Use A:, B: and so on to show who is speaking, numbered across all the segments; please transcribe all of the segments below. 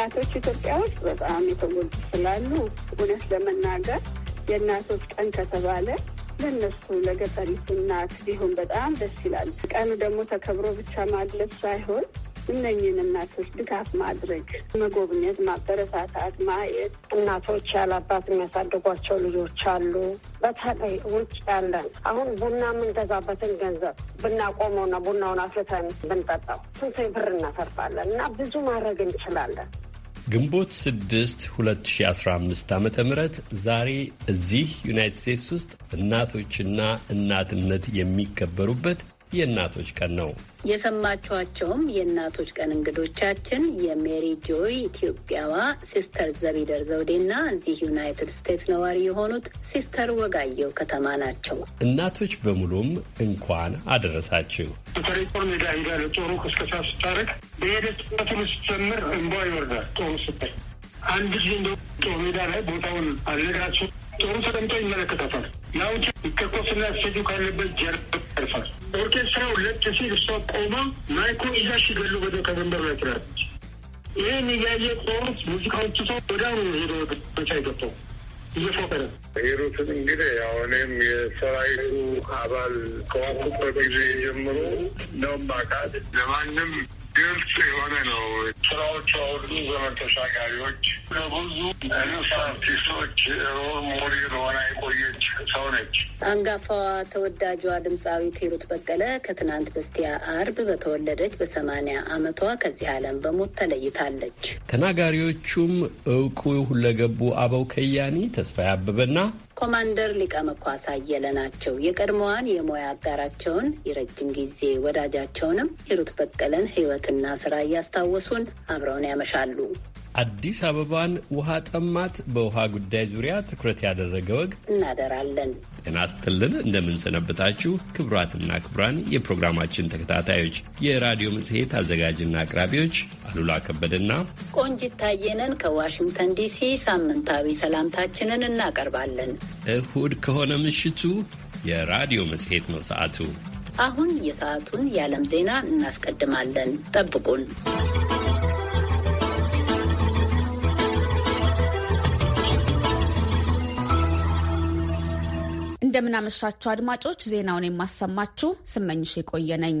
A: እናቶች ኢትዮጵያ ውስጥ በጣም የተጎዱ ስላሉ እውነት ለመናገር የእናቶች ቀን ከተባለ ለእነሱ ለገጠሪቱ እናት ቢሆን በጣም ደስ ይላል። ቀኑ ደግሞ ተከብሮ ብቻ ማለፍ ሳይሆን እነኝን እናቶች ድጋፍ ማድረግ፣ መጎብኘት፣ ማበረታታት፣ ማየት እናቶች ያላባት የሚያሳድጓቸው ልጆች አሉ። በተለይ ውጭ ያለን አሁን ቡና የምንገዛበትን ገንዘብ ብናቆመውና ቡናውን አፍልተን ብንጠጣው ስንት ብር እናተርፋለን እና ብዙ ማድረግ እንችላለን።
B: ግንቦት 6 2015 ዓ ም ዛሬ እዚህ ዩናይትድ ስቴትስ ውስጥ እናቶችና እናትነት የሚከበሩበት የእናቶች ቀን ነው።
C: የሰማችኋቸውም የእናቶች ቀን እንግዶቻችን የሜሪ ጆይ ኢትዮጵያዋ ሲስተር ዘቢደር ዘውዴና እዚህ ዩናይትድ ስቴትስ ነዋሪ የሆኑት ሲስተር ወጋየው ከተማ ናቸው።
B: እናቶች በሙሉም እንኳን አደረሳችሁ።
D: ተሪፖር
C: ሜዳ ሄዳ ጦሩ
D: ቅስቀሳ ስታረግ በሄደችበት ስጀምር እንቧ ይወርዳል ጦሩ ስታይ አንድ ጊዜ እንደ ጦር ሜዳ ላይ ቦታውን አዘጋጅቶ ጦሩ ተቀምጦ ይመለከታታል። ያውጭ ከኮስና ስቴጁ ካለበት ጀርባ ያርፋል። ኦርኬስትራው ለጥ ሲል እሷ ቆማ ማይኮ ይዛ ሲገሉ በደ ከመንበር ላይ ትላለች። ይህን እያየ ጦሩ ሙዚቃዎቹ ሰው ወዳሁኑ ሄዶ ብቻ አይገባው እየፎከረ ሄዱትን እንግዲህ አሁንም የሰራዊቱ አባል ከዋኩበት ጊዜ ጀምሮ ነው ማቃት ለማንም ግልጽ የሆነ ነው። ስራዎቹ ሁሉ ዘመን ተሻጋሪዎች ለብዙ ንስ አርቲስቶች ሮል ሞዴል ሆና የቆየች ሰው ነች።
C: አንጋፋዋ ተወዳጇ ድምፃዊት ሂሩት በቀለ ከትናንት በስቲያ አርብ በተወለደች በሰማንያ ዓመቷ ከዚህ ዓለም በሞት ተለይታለች።
B: ተናጋሪዎቹም እውቁ ሁለገቡ አበው ከያኒ ተስፋዬ አበበና
C: ኮማንደር ሊቀመኳስ አየለ ናቸው። የቀድሞዋን የሙያ አጋራቸውን የረጅም ጊዜ ወዳጃቸውንም ሂሩት በቀለን ህይወትና ስራ እያስታወሱን አብረውን ያመሻሉ።
B: አዲስ አበባን ውሃ ጠማት በውሃ ጉዳይ ዙሪያ ትኩረት ያደረገ ወግ
C: እናደራለን።
B: ጤና ይስጥልን፣ እንደምንሰነበታችሁ ክቡራትና ክቡራን የፕሮግራማችን ተከታታዮች የራዲዮ መጽሔት አዘጋጅና አቅራቢዎች አሉላ ከበደና
C: ቆንጂት ታየነን ከዋሽንግተን ዲሲ ሳምንታዊ ሰላምታችንን እናቀርባለን።
B: እሁድ ከሆነ ምሽቱ የራዲዮ መጽሔት ነው ሰዓቱ።
C: አሁን የሰዓቱን የዓለም ዜና እናስቀድማለን። ጠብቁን።
E: እንደምናመሻችሁ አድማጮች፣ ዜናውን የማሰማችሁ ስመኝሽ የቆየ ነኝ።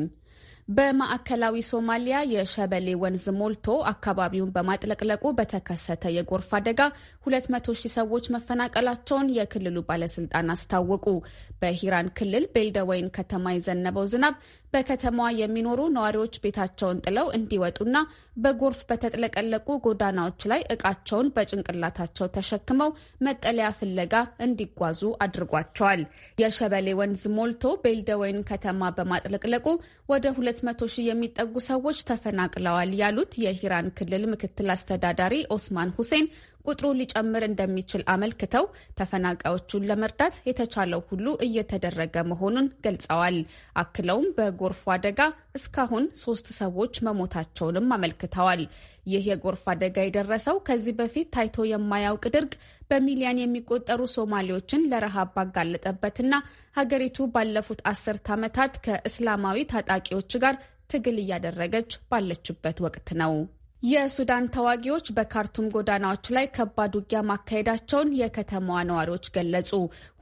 E: በማዕከላዊ ሶማሊያ የሸበሌ ወንዝ ሞልቶ አካባቢውን በማጥለቅለቁ በተከሰተ የጎርፍ አደጋ 200 ሺህ ሰዎች መፈናቀላቸውን የክልሉ ባለስልጣን አስታወቁ። በሂራን ክልል ቤልደወይን ከተማ የዘነበው ዝናብ በከተማዋ የሚኖሩ ነዋሪዎች ቤታቸውን ጥለው እንዲወጡና በጎርፍ በተጥለቀለቁ ጎዳናዎች ላይ እቃቸውን በጭንቅላታቸው ተሸክመው መጠለያ ፍለጋ እንዲጓዙ አድርጓቸዋል። የሸበሌ ወንዝ ሞልቶ ቤልደወይን ከተማ በማጥለቅለቁ ወደ 200 ሺህ የሚጠጉ ሰዎች ተፈናቅለዋል ያሉት የሂራን ክልል ምክትል አስተዳዳሪ ኦስማን ሁሴን ቁጥሩ ሊጨምር እንደሚችል አመልክተው ተፈናቃዮቹን ለመርዳት የተቻለው ሁሉ እየተደረገ መሆኑን ገልጸዋል። አክለውም በጎርፉ አደጋ እስካሁን ሶስት ሰዎች መሞታቸውንም አመልክተዋል። ይህ የጎርፍ አደጋ የደረሰው ከዚህ በፊት ታይቶ የማያውቅ ድርቅ በሚሊያን የሚቆጠሩ ሶማሌዎችን ለረሃብ ባጋለጠበትና ሀገሪቱ ባለፉት አስርት ዓመታት ከእስላማዊ ታጣቂዎች ጋር ትግል እያደረገች ባለችበት ወቅት ነው። የሱዳን ተዋጊዎች በካርቱም ጎዳናዎች ላይ ከባድ ውጊያ ማካሄዳቸውን የከተማዋ ነዋሪዎች ገለጹ።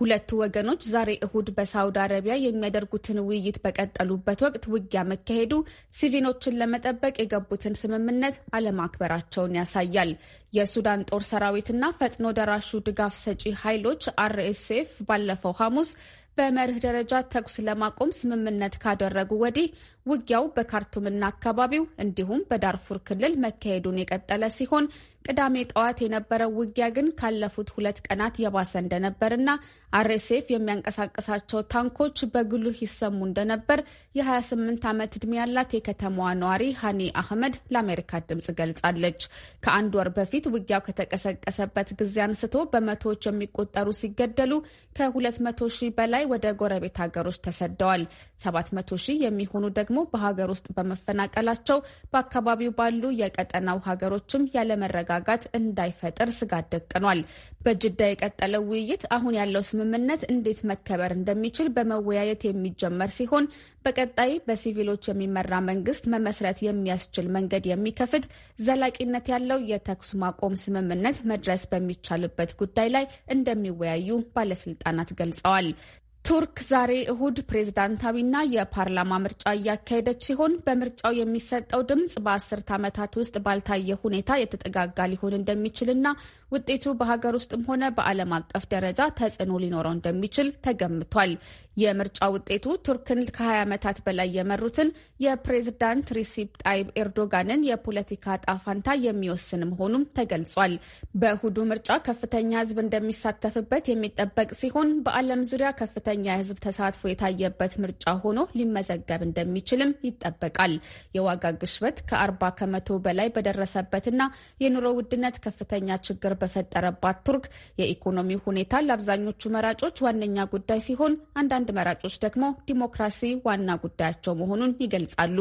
E: ሁለቱ ወገኖች ዛሬ እሁድ በሳውዲ አረቢያ የሚያደርጉትን ውይይት በቀጠሉበት ወቅት ውጊያ መካሄዱ ሲቪሎችን ለመጠበቅ የገቡትን ስምምነት አለማክበራቸውን ያሳያል። የሱዳን ጦር ሰራዊትና ፈጥኖ ደራሹ ድጋፍ ሰጪ ኃይሎች አርኤስኤፍ ባለፈው ሐሙስ በመርህ ደረጃ ተኩስ ለማቆም ስምምነት ካደረጉ ወዲህ ውጊያው በካርቱምና አካባቢው እንዲሁም በዳርፉር ክልል መካሄዱን የቀጠለ ሲሆን ቅዳሜ ጠዋት የነበረው ውጊያ ግን ካለፉት ሁለት ቀናት የባሰ እንደነበርና አርኤስኤፍ የሚያንቀሳቀሳቸው ታንኮች በጉልህ ይሰሙ እንደነበር የ28 ዓመት ዕድሜ ያላት የከተማዋ ነዋሪ ሃኒ አህመድ ለአሜሪካ ድምጽ ገልጻለች። ከአንድ ወር በፊት ውጊያው ከተቀሰቀሰበት ጊዜ አንስቶ በመቶዎች የሚቆጠሩ ሲገደሉ ከ200 ሺህ በላይ ወደ ጎረቤት ሀገሮች ተሰደዋል። 700 ሺህ የሚሆኑ ደግሞ ደግሞ በሀገር ውስጥ በመፈናቀላቸው በአካባቢው ባሉ የቀጠናው ሀገሮችም ያለመረጋጋት እንዳይፈጥር ስጋት ደቅኗል። በጅዳ የቀጠለው ውይይት አሁን ያለው ስምምነት እንዴት መከበር እንደሚችል በመወያየት የሚጀመር ሲሆን በቀጣይ በሲቪሎች የሚመራ መንግስት መመስረት የሚያስችል መንገድ የሚከፍት ዘላቂነት ያለው የተኩስ ማቆም ስምምነት መድረስ በሚቻልበት ጉዳይ ላይ እንደሚወያዩ ባለስልጣናት ገልጸዋል። ቱርክ ዛሬ እሁድ ፕሬዝዳንታዊና የፓርላማ ምርጫ እያካሄደች ሲሆን በምርጫው የሚሰጠው ድምፅ በአስርት ዓመታት ውስጥ ባልታየ ሁኔታ የተጠጋጋ ሊሆን እንደሚችልና ውጤቱ በሀገር ውስጥም ሆነ በዓለም አቀፍ ደረጃ ተጽዕኖ ሊኖረው እንደሚችል ተገምቷል። የምርጫ ውጤቱ ቱርክን ከ20 ዓመታት በላይ የመሩትን የፕሬዝዳንት ሪሲፕ ጣይብ ኤርዶጋንን የፖለቲካ ጣፋንታ የሚወስን መሆኑም ተገልጿል። በእሁዱ ምርጫ ከፍተኛ ህዝብ እንደሚሳተፍበት የሚጠበቅ ሲሆን በዓለም ዙሪያ ከፍተኛ ከፍተኛ የህዝብ ተሳትፎ የታየበት ምርጫ ሆኖ ሊመዘገብ እንደሚችልም ይጠበቃል። የዋጋ ግሽበት ከ ከመቶ በላይ በደረሰበትና የኑሮ ውድነት ከፍተኛ ችግር በፈጠረባት ቱርክ የኢኮኖሚ ሁኔታ ለአብዛኞቹ መራጮች ዋነኛ ጉዳይ ሲሆን፣ አንዳንድ መራጮች ደግሞ ዲሞክራሲ ዋና ጉዳያቸው መሆኑን ይገልጻሉ።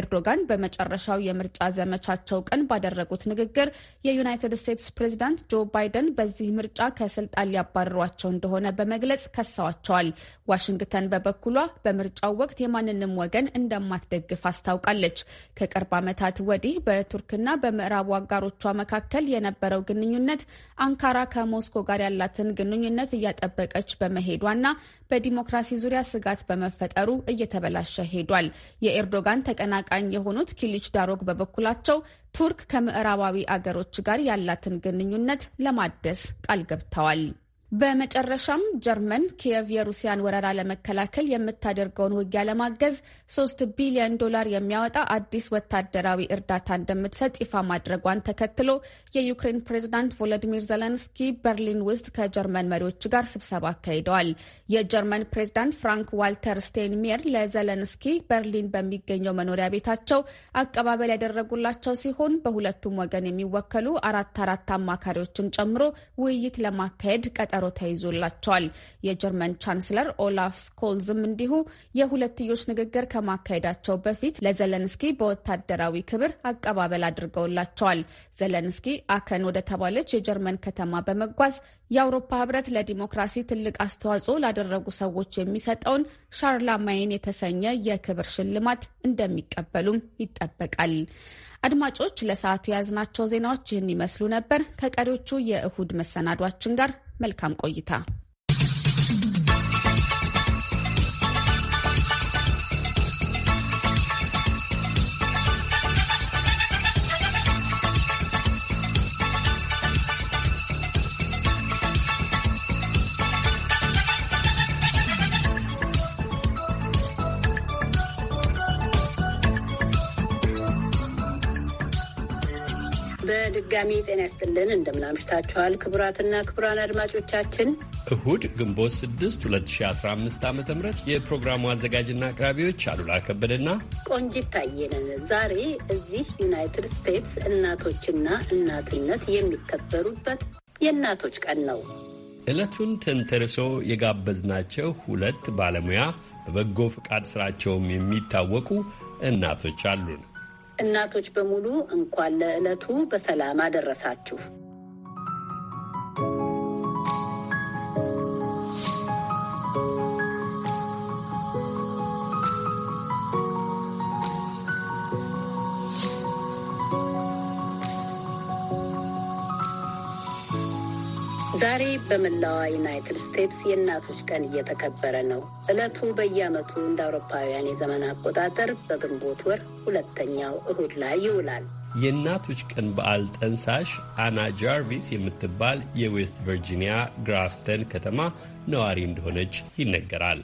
E: ኤርዶጋን በመጨረሻው የምርጫ ዘመቻቸው ቀን ባደረጉት ንግግር የዩናይትድ ስቴትስ ፕሬዚዳንት ጆ ባይደን በዚህ ምርጫ ከስልጣን ሊያባርሯቸው እንደሆነ በመግለጽ ከሰዋቸዋል። ዋሽንግተን በበኩሏ በምርጫው ወቅት የማንንም ወገን እንደማትደግፍ አስታውቃለች። ከቅርብ ዓመታት ወዲህ በቱርክና በምዕራቡ አጋሮቿ መካከል የነበረው ግንኙነት አንካራ ከሞስኮ ጋር ያላትን ግንኙነት እያጠበቀች በመሄዷና በዲሞክራሲ ዙሪያ ስጋት በመፈጠሩ እየተበላሸ ሄዷል። የኤርዶጋን ተቀናቃኝ የሆኑት ኪሊች ዳሮግ በበኩላቸው ቱርክ ከምዕራባዊ አገሮች ጋር ያላትን ግንኙነት ለማደስ ቃል ገብተዋል። በመጨረሻም ጀርመን ኪየቭ የሩሲያን ወረራ ለመከላከል የምታደርገውን ውጊያ ለማገዝ ሶስት ቢሊዮን ዶላር የሚያወጣ አዲስ ወታደራዊ እርዳታ እንደምትሰጥ ይፋ ማድረጓን ተከትሎ የዩክሬን ፕሬዝዳንት ቮሎዲሚር ዘለንስኪ በርሊን ውስጥ ከጀርመን መሪዎች ጋር ስብሰባ አካሂደዋል። የጀርመን ፕሬዝዳንት ፍራንክ ዋልተር ስቴንሜየር ለዘለንስኪ በርሊን በሚገኘው መኖሪያ ቤታቸው አቀባበል ያደረጉላቸው ሲሆን በሁለቱም ወገን የሚወከሉ አራት አራት አማካሪዎችን ጨምሮ ውይይት ለማካሄድ ቀጠ ጓሮ ተይዞላቸዋል። የጀርመን ቻንስለር ኦላፍ ስኮልዝም እንዲሁ የሁለትዮሽ ንግግር ከማካሄዳቸው በፊት ለዘለንስኪ በወታደራዊ ክብር አቀባበል አድርገውላቸዋል። ዘለንስኪ አከን ወደ ተባለች የጀርመን ከተማ በመጓዝ የአውሮፓ ህብረት ለዲሞክራሲ ትልቅ አስተዋጽኦ ላደረጉ ሰዎች የሚሰጠውን ሻርላማይን የተሰኘ የክብር ሽልማት እንደሚቀበሉም ይጠበቃል። አድማጮች፣ ለሰዓቱ የያዝናቸው ዜናዎች ይህን ይመስሉ ነበር። ከቀሪዎቹ የእሁድ መሰናዷችን ጋር መልካም ቆይታ
C: በድጋሚ ጤና ያስጥልን። እንደምናምሽታችኋል ክቡራትና ክቡራን አድማጮቻችን
B: እሁድ ግንቦት 6 2015 ዓ ም የፕሮግራሙ አዘጋጅና አቅራቢዎች አሉላ ከበደና
C: ቆንጂት ታየንን ዛሬ እዚህ ዩናይትድ ስቴትስ እናቶችና እናትነት የሚከበሩበት የእናቶች ቀን ነው።
B: ዕለቱን ተንተርሶ የጋበዝናቸው ሁለት ባለሙያ በበጎ ፈቃድ ሥራቸውም የሚታወቁ እናቶች አሉን።
C: እናቶች በሙሉ እንኳን ለዕለቱ በሰላም አደረሳችሁ። ዛሬ በመላዋ ዩናይትድ ስቴትስ የእናቶች ቀን እየተከበረ ነው። ዕለቱ በየዓመቱ እንደ አውሮፓውያን የዘመን አቆጣጠር በግንቦት ወር ሁለተኛው እሁድ ላይ ይውላል።
B: የእናቶች ቀን በዓል ጠንሳሽ አና ጃርቪስ የምትባል የዌስት ቨርጂኒያ ግራፍተን ከተማ ነዋሪ እንደሆነች ይነገራል።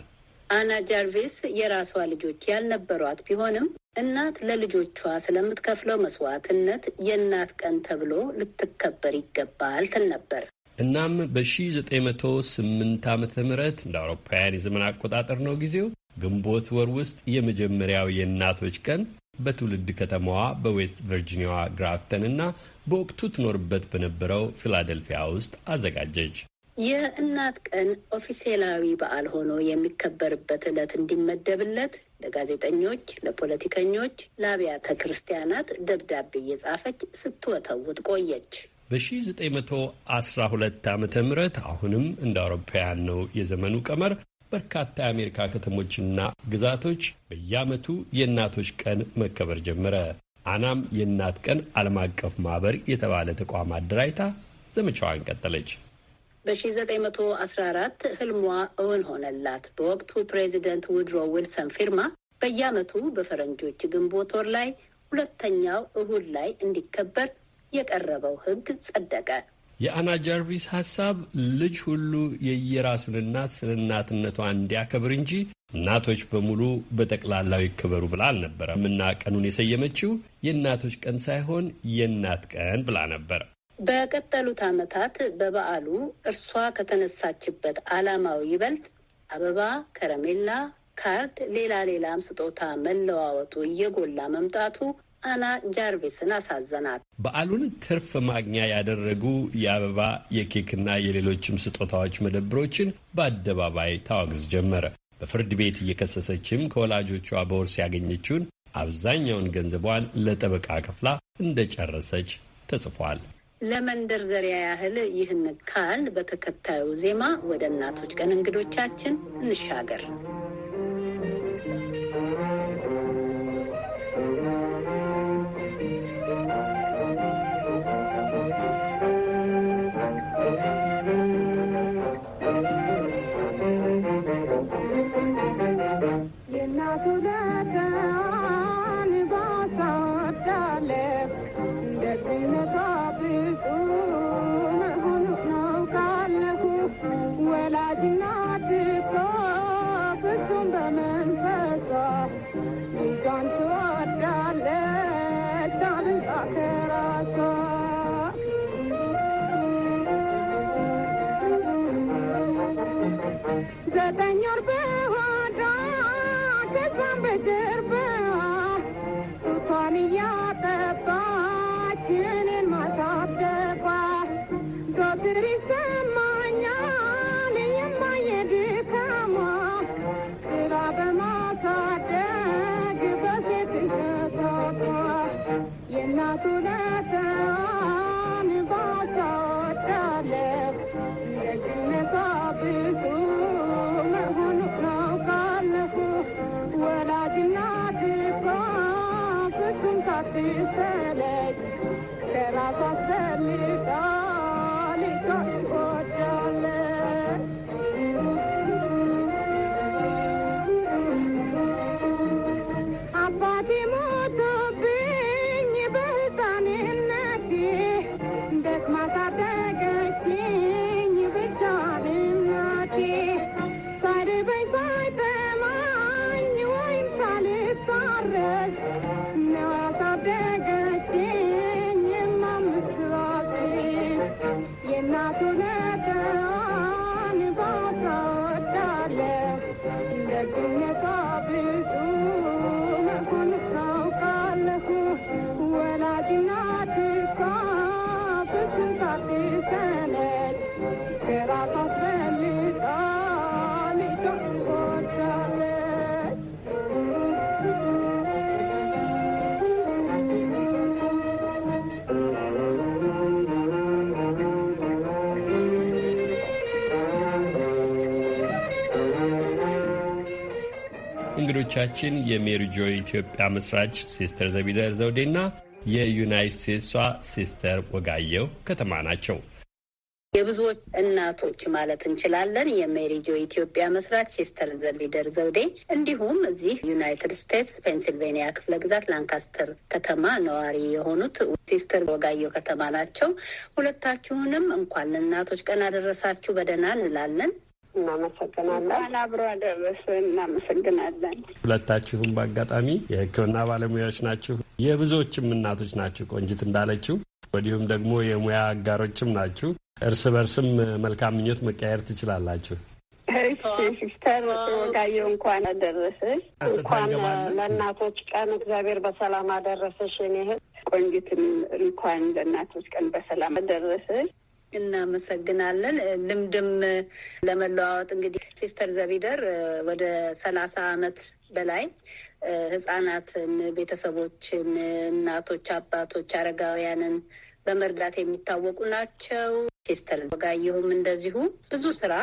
C: አና ጃርቪስ የራሷ ልጆች ያልነበሯት ቢሆንም እናት ለልጆቿ ስለምትከፍለው መስዋዕትነት የእናት ቀን ተብሎ ልትከበር ይገባል
B: ትል ነበር። እናም በ1908 ዓ ም እንደ አውሮፓውያን የዘመን አቆጣጠር ነው ጊዜው ግንቦት ወር ውስጥ የመጀመሪያው የእናቶች ቀን በትውልድ ከተማዋ በዌስት ቨርጂኒያዋ ግራፍተን እና በወቅቱ ትኖርበት በነበረው ፊላደልፊያ ውስጥ አዘጋጀች።
C: የእናት ቀን ኦፊሴላዊ በዓል ሆኖ የሚከበርበት ዕለት እንዲመደብለት ለጋዜጠኞች፣ ለፖለቲከኞች፣ ለአብያተ ክርስቲያናት ደብዳቤ እየጻፈች ስትወተውት ቆየች።
B: በ1912 ዓ ም አሁንም እንደ አውሮፓውያን ነው የዘመኑ ቀመር በርካታ የአሜሪካ ከተሞችና ግዛቶች በየዓመቱ የእናቶች ቀን መከበር ጀመረ። አናም የእናት ቀን ዓለም አቀፍ ማህበር የተባለ ተቋም አደራጅታ ዘመቻዋን ቀጠለች።
C: በ1914 ህልሟ እውን ሆነላት። በወቅቱ ፕሬዚደንት ውድሮ ዊልሰን ፊርማ በየዓመቱ በፈረንጆች ግንቦት ወር ላይ ሁለተኛው እሁድ ላይ እንዲከበር የቀረበው ህግ ጸደቀ።
B: የአና ጃርቪስ ሀሳብ ልጅ ሁሉ የየራሱን እናት ስለ እናትነቷ እንዲያከብር እንጂ እናቶች በሙሉ በጠቅላላው ይከበሩ ብላ አልነበረም እና ቀኑን የሰየመችው የእናቶች ቀን ሳይሆን የእናት ቀን ብላ ነበር።
C: በቀጠሉት ዓመታት በበዓሉ እርሷ ከተነሳችበት ዓላማው ይበልጥ አበባ፣ ከረሜላ፣ ካርድ፣ ሌላ ሌላም ስጦታ መለዋወጡ እየጎላ መምጣቱ አና ጃርቪስን አሳዘናት።
B: በዓሉን ትርፍ ማግኛ ያደረጉ የአበባ የኬክና የሌሎችም ስጦታዎች መደብሮችን በአደባባይ ታወግዝ ጀመረ። በፍርድ ቤት እየከሰሰችም ከወላጆቿ በውርስ ያገኘችውን አብዛኛውን ገንዘቧን ለጠበቃ ከፍላ እንደጨረሰች ተጽፏል።
C: ለመንደርደሪያ ያህል ይህን ካል በተከታዩ ዜማ ወደ እናቶች ቀን እንግዶቻችን እንሻገር።
B: እንግዶቻችን የሜሪጆ ኢትዮጵያ መስራች ሲስተር ዘቢደር ዘውዴና የዩናይት ስቴትሷ ሲስተር ወጋየው ከተማ ናቸው።
C: የብዙዎች እናቶች ማለት እንችላለን። የሜሪጆ ኢትዮጵያ መስራች ሲስተር ዘቢደር ዘውዴ እንዲሁም እዚህ ዩናይትድ ስቴትስ ፔንሲልቬኒያ ክፍለ ግዛት ላንካስተር ከተማ ነዋሪ የሆኑት ሲስተር ወጋየሁ ከተማ ናቸው። ሁለታችሁንም እንኳን ለእናቶች ቀን አደረሳችሁ በደህና እንላለን። እናመሰግናለን። አብሮ አደረሰ።
A: እናመሰግናለን።
B: ሁለታችሁም በአጋጣሚ የሕክምና ባለሙያዎች ናችሁ፣ የብዙዎችም እናቶች ናችሁ። ቆንጅት እንዳለችው ወዲሁም ደግሞ የሙያ አጋሮችም ናችሁ። እርስ በርስም መልካም ምኞት መቀየር ትችላላችሁ።
A: ሲስተር ወጋየ እንኳን አደረሰች። እንኳን ለእናቶች ቀን እግዚአብሔር በሰላም አደረሰሽ። እኔ እህት ቆንጅትን እንኳን ለእናቶች ቀን በሰላም አደረሰች።
C: እናመሰግናለን። ልምድም ለመለዋወጥ እንግዲህ ሲስተር ዘቢደር ወደ ሰላሳ አመት በላይ ህጻናትን፣ ቤተሰቦችን፣ እናቶች፣ አባቶች፣ አረጋውያንን በመርዳት የሚታወቁ ናቸው። ሲስተር ወጋየሁም እንደዚሁ ብዙ ስራ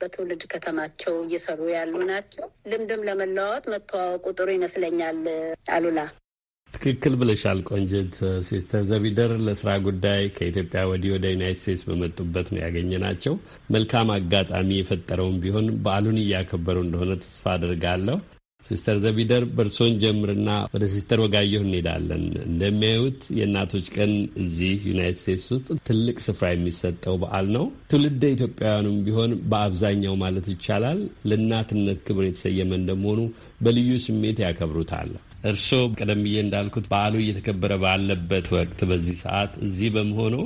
C: በትውልድ ከተማቸው እየሰሩ ያሉ ናቸው። ልምድም ለመለዋወጥ መተዋወቁ ጥሩ ይመስለኛል። አሉላ
B: ትክክል ብለሻል ቆንጅት። ሲስተር ዘቢደር ለስራ ጉዳይ ከኢትዮጵያ ወዲህ ወደ ዩናይት ስቴትስ በመጡበት ነው ናቸው። መልካም አጋጣሚ የፈጠረውን ቢሆን በዓሉን እያከበሩ እንደሆነ ተስፋ አድርጋለሁ። ሲስተር ዘቢደር በእርሶን ጀምርና ወደ ሲስተር ወጋየሁ እንሄዳለን። እንደሚያዩት የእናቶች ቀን እዚህ ዩናይት ስቴትስ ውስጥ ትልቅ ስፍራ የሚሰጠው በዓል ነው። ትውልደ ኢትዮጵያውያኑም ቢሆን በአብዛኛው ማለት ይቻላል ለእናትነት ክብር የተሰየመ እንደመሆኑ በልዩ ስሜት ያከብሩታል። እርስዎ ቀደም ብዬ እንዳልኩት በዓሉ እየተከበረ ባለበት ወቅት በዚህ ሰዓት እዚህ በመሆኑ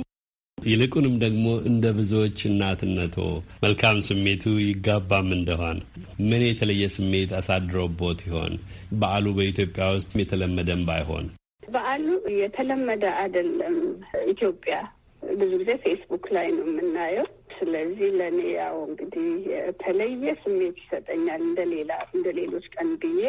B: ይልቁንም ደግሞ እንደ ብዙዎች እናትነቶ መልካም ስሜቱ ይጋባም እንደሆን ምን የተለየ ስሜት አሳድሮቦት ይሆን? በዓሉ በኢትዮጵያ ውስጥ የተለመደም ባይሆን
A: በዓሉ የተለመደ አይደለም። ኢትዮጵያ ብዙ ጊዜ ፌስቡክ ላይ ነው የምናየው። ስለዚህ ለእኔ ያው እንግዲህ የተለየ ስሜት ይሰጠኛል እንደሌላ እንደ ሌሎች ቀን ብዬ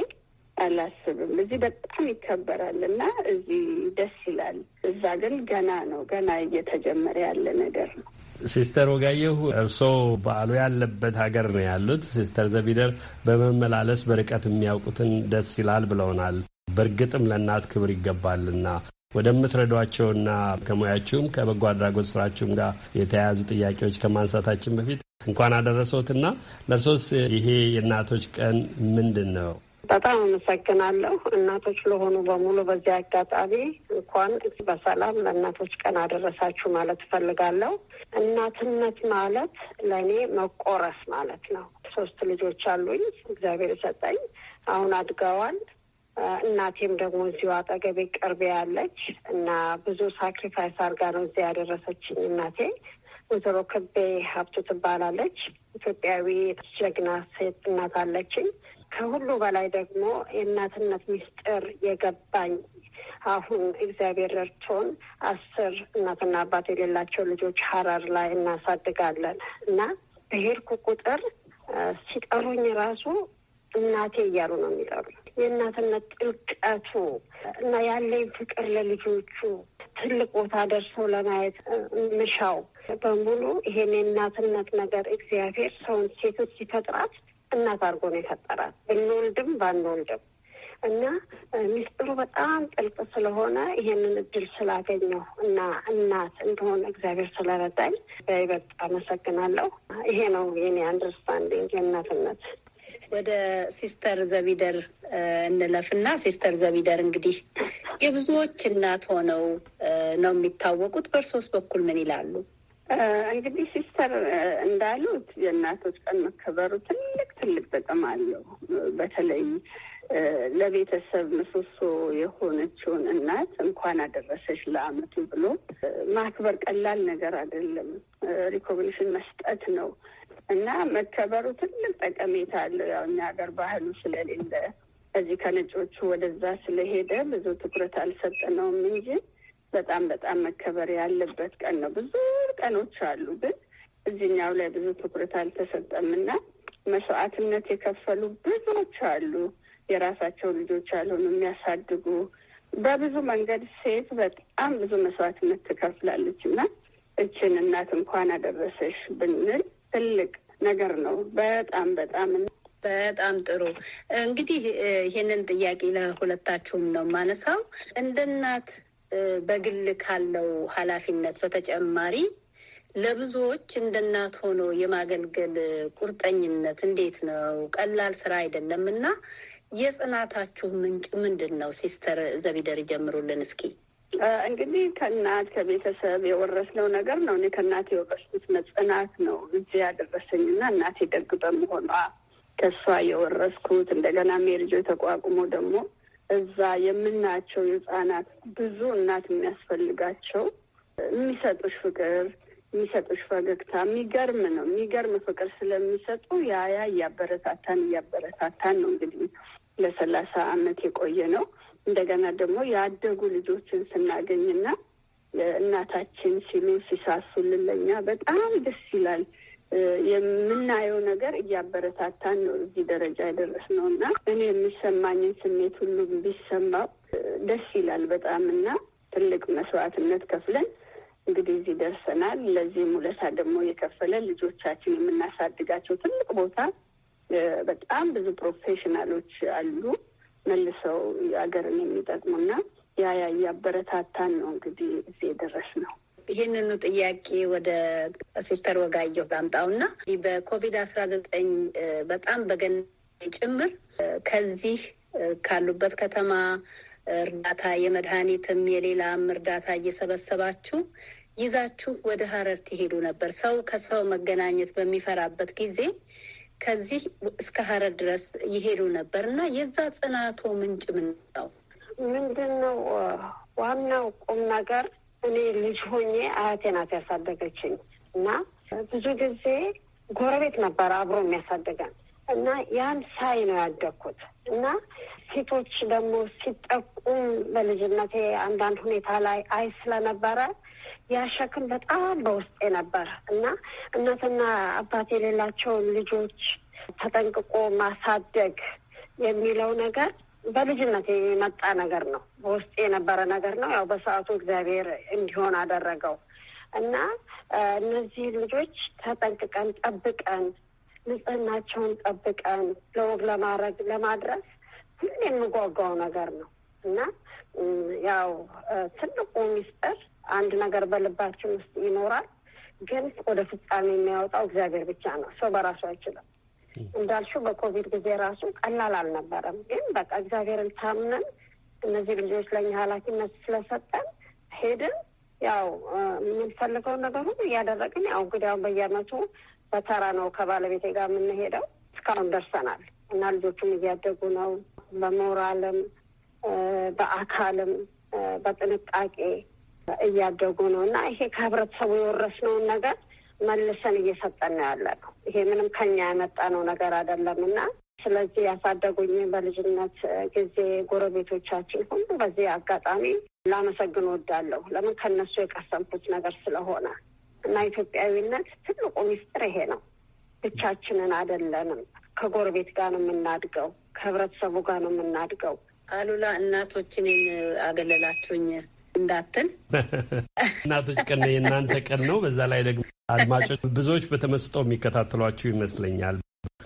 A: አላስብም። እዚህ በጣም ይከበራል እና እዚህ ደስ ይላል። እዛ ግን ገና ነው፣ ገና እየተጀመረ ያለ ነገር ነው።
B: ሲስተር ወጋየሁ እርስዎ በዓሉ ያለበት ሀገር ነው ያሉት። ሲስተር ዘቢደር በመመላለስ በርቀት የሚያውቁትን ደስ ይላል ብለውናል። በእርግጥም ለእናት ክብር ይገባልና ወደምትረዷቸውና ከሙያችሁም ከበጎ አድራጎት ስራችሁም ጋር የተያያዙ ጥያቄዎች ከማንሳታችን በፊት እንኳን አደረሰዎትና ለእርሶስ ይሄ የእናቶች ቀን ምንድን ነው?
A: በጣም አመሰግናለሁ። እናቶች ለሆኑ በሙሉ በዚህ አጋጣሚ እንኳን በሰላም ለእናቶች ቀን አደረሳችሁ ማለት እፈልጋለሁ። እናትነት ማለት ለእኔ መቆረስ ማለት ነው። ሶስት ልጆች አሉኝ እግዚአብሔር ሰጠኝ አሁን አድገዋል። እናቴም ደግሞ እዚሁ አጠገቤ ቅርቤ ያለች እና ብዙ ሳክሪፋይስ አድርጋ ነው እዚያ ያደረሰችኝ እናቴ ወይዘሮ ክቤ ሀብቱ ትባላለች። ኢትዮጵያዊ ጀግና ሴት እናት አለችኝ። ከሁሉ በላይ ደግሞ የእናትነት ሚስጥር የገባኝ አሁን እግዚአብሔር እርቶን አስር እናትና አባት የሌላቸው ልጆች ሀረር ላይ እናሳድጋለን እና በሄድኩ ቁጥር ሲጠሩኝ ራሱ እናቴ እያሉ ነው የሚጠሩ። የእናትነት ጥልቀቱ እና ያለኝ ፍቅር ለልጆቹ ትልቅ ቦታ ደርሰው ለማየት ምሻው በሙሉ ይሄን የእናትነት ነገር እግዚአብሔር ሰውን ሴቶች ሲፈጥራት እናት አድርጎ ነው የፈጠራት ብንወልድም ባንወልድም እና ሚስጥሩ በጣም ጥልቅ ስለሆነ ይሄንን እድል ስላገኘሁ እና እናት እንደሆነ እግዚአብሔር ስለረዳኝ በይበልጥ አመሰግናለሁ። ይሄ ነው የኔ አንደርስታንዲንግ የእናትነት። ወደ
C: ሲስተር ዘቢደር እንለፍና ሲስተር ዘቢደር እንግዲህ የብዙዎች እናት ሆነው ነው የሚታወቁት። በእርሶስ በኩል ምን ይላሉ?
A: እንግዲህ ሲስተር እንዳሉት የእናቶች ቀን መከበሩ ትልቅ ትልቅ ጥቅም አለው። በተለይ ለቤተሰብ ምሰሶ የሆነችውን እናት እንኳን አደረሰች ለአመቱ ብሎ ማክበር ቀላል ነገር አይደለም። ሪኮግኒሽን መስጠት ነው እና መከበሩ ትልቅ ጠቀሜታ አለው። ያው እኛ ሀገር ባህሉ ስለሌለ እዚህ ከነጮቹ ወደዛ ስለሄደ ብዙ ትኩረት አልሰጠነውም እንጂ በጣም በጣም መከበር ያለበት ቀን ነው። ብዙ ቀኖች አሉ፣ ግን እዚህኛው ላይ ብዙ ትኩረት አልተሰጠም እና መስዋዕትነት የከፈሉ ብዙዎች አሉ። የራሳቸው ልጆች አልሆኑ የሚያሳድጉ በብዙ መንገድ ሴት በጣም ብዙ መስዋዕትነት ትከፍላለች እና እችን እናት እንኳን አደረሰሽ ብንል ትልቅ ነገር ነው። በጣም በጣም በጣም
C: ጥሩ። እንግዲህ ይህንን ጥያቄ ለሁለታችሁም ነው ማነሳው እንደ እናት በግል ካለው ኃላፊነት በተጨማሪ ለብዙዎች እንደ እናት ሆኖ የማገልገል ቁርጠኝነት እንዴት ነው? ቀላል ስራ አይደለም እና የጽናታችሁ ምንጭ ምንድን ነው? ሲስተር ዘቢደር ጀምሩልን እስኪ።
A: እንግዲህ ከእናት ከቤተሰብ የወረስነው ነገር ነው። እኔ ከእናት የወረስኩት መጽናት ነው እዚህ ያደረሰኝ እና እናቴ ደግ በመሆኗ ከእሷ የወረስኩት እንደገና ሜርጆ ተቋቁሞ ደግሞ እዛ የምናያቸው ህጻናት ብዙ እናት የሚያስፈልጋቸው የሚሰጡሽ ፍቅር የሚሰጡሽ ፈገግታ የሚገርም ነው። የሚገርም ፍቅር ስለሚሰጡ ያያ እያበረታታን እያበረታታን ነው እንግዲህ ለሰላሳ አመት የቆየ ነው። እንደገና ደግሞ ያደጉ ልጆችን ስናገኝና እናታችን ሲሉ ሲሳሱልን ለኛ በጣም ደስ ይላል። የምናየው ነገር እያበረታታን ነው እዚህ ደረጃ የደረስነው እና እኔ የሚሰማኝን ስሜት ሁሉም ቢሰማው ደስ ይላል በጣም እና ትልቅ መስዋዕትነት ከፍለን እንግዲህ እዚህ ደርሰናል። ለዚህም ውለታ ደግሞ የከፈለን ልጆቻችን የምናሳድጋቸው ትልቅ ቦታ በጣም ብዙ ፕሮፌሽናሎች አሉ መልሰው ሀገርን የሚጠቅሙና ያ ያ እያበረታታን ነው እንግዲህ እዚህ የደረስነው። ይህንኑ ጥያቄ ወደ
C: ሲስተር ወጋየሁ ላምጣውና በኮቪድ አስራ ዘጠኝ በጣም በገና ጭምር ከዚህ ካሉበት ከተማ እርዳታ የመድኃኒትም የሌላም እርዳታ እየሰበሰባችሁ ይዛችሁ ወደ ሀረር ትሄዱ ነበር። ሰው ከሰው መገናኘት በሚፈራበት ጊዜ ከዚህ እስከ ሀረር ድረስ ይሄዱ ነበር እና የዛ ጽናቶ
A: ምንጭ ምን ነው? ምንድን ነው ዋናው ቁም ነገር እኔ ልጅ ሆኜ አያቴ ናት ያሳደገችኝ እና ብዙ ጊዜ ጎረቤት ነበር አብሮ የሚያሳደገን እና ያን ሳይ ነው ያደግኩት እና ሴቶች ደግሞ ሲጠቁም በልጅነቴ አንዳንድ ሁኔታ ላይ አይ ስለነበረ ያ ሸክም በጣም በውስጤ ነበር እና እናትና አባት የሌላቸውን ልጆች ተጠንቅቆ ማሳደግ የሚለው ነገር በልጅነት የመጣ ነገር ነው። በውስጥ የነበረ ነገር ነው። ያው በሰዓቱ እግዚአብሔር እንዲሆን አደረገው እና እነዚህ ልጆች ተጠንቅቀን ጠብቀን ንጽህናቸውን ጠብቀን ለወግ ለማድረግ ለማድረስ ሁሌ የምጓጓው ነገር ነው እና ያው ትልቁ ሚስጥር አንድ ነገር በልባችን ውስጥ ይኖራል፣ ግን ወደ ፍጻሜ የሚያወጣው እግዚአብሔር ብቻ ነው። ሰው በራሱ አይችልም። እንዳልሹ በኮቪድ ጊዜ ራሱ ቀላል አልነበረም። ግን በቃ እግዚአብሔርን ታምነን እነዚህ ልጆች ለእኛ ኃላፊነት ስለሰጠን ሄድን። ያው የምንፈልገውን ነገር ሁሉ እያደረግን ያው እንግዲህ አሁን በየአመቱ በተራ ነው ከባለቤቴ ጋር የምንሄደው። እስካሁን ደርሰናል እና ልጆቹም እያደጉ ነው። በሞራልም በአካልም በጥንቃቄ እያደጉ ነው እና ይሄ ከህብረተሰቡ የወረስነውን ነገር መልሰን እየሰጠን ነው ያለ ነው። ይሄ ምንም ከኛ ነው ነገር አይደለም እና ስለዚህ ያሳደጉኝ በልጅነት ጊዜ ጎረቤቶቻችን ሁሉ በዚህ አጋጣሚ ላመሰግን ወዳለሁ። ለምን ከነሱ የቀሰምኩት ነገር ስለሆነ እና ኢትዮጵያዊነት ትልቁ ሚስጥር ይሄ ነው። ብቻችንን አይደለንም። ከጎረቤት ጋር ነው የምናድገው፣ ከህብረተሰቡ ጋር ነው የምናድገው። አሉላ እናቶችን አገለላችሁኝ። እንዳትል
B: እናቶች ቀን የእናንተ ቀን ነው። በዛ ላይ ደግሞ አድማጮች ብዙዎች በተመስጦ የሚከታተሏችሁ ይመስለኛል።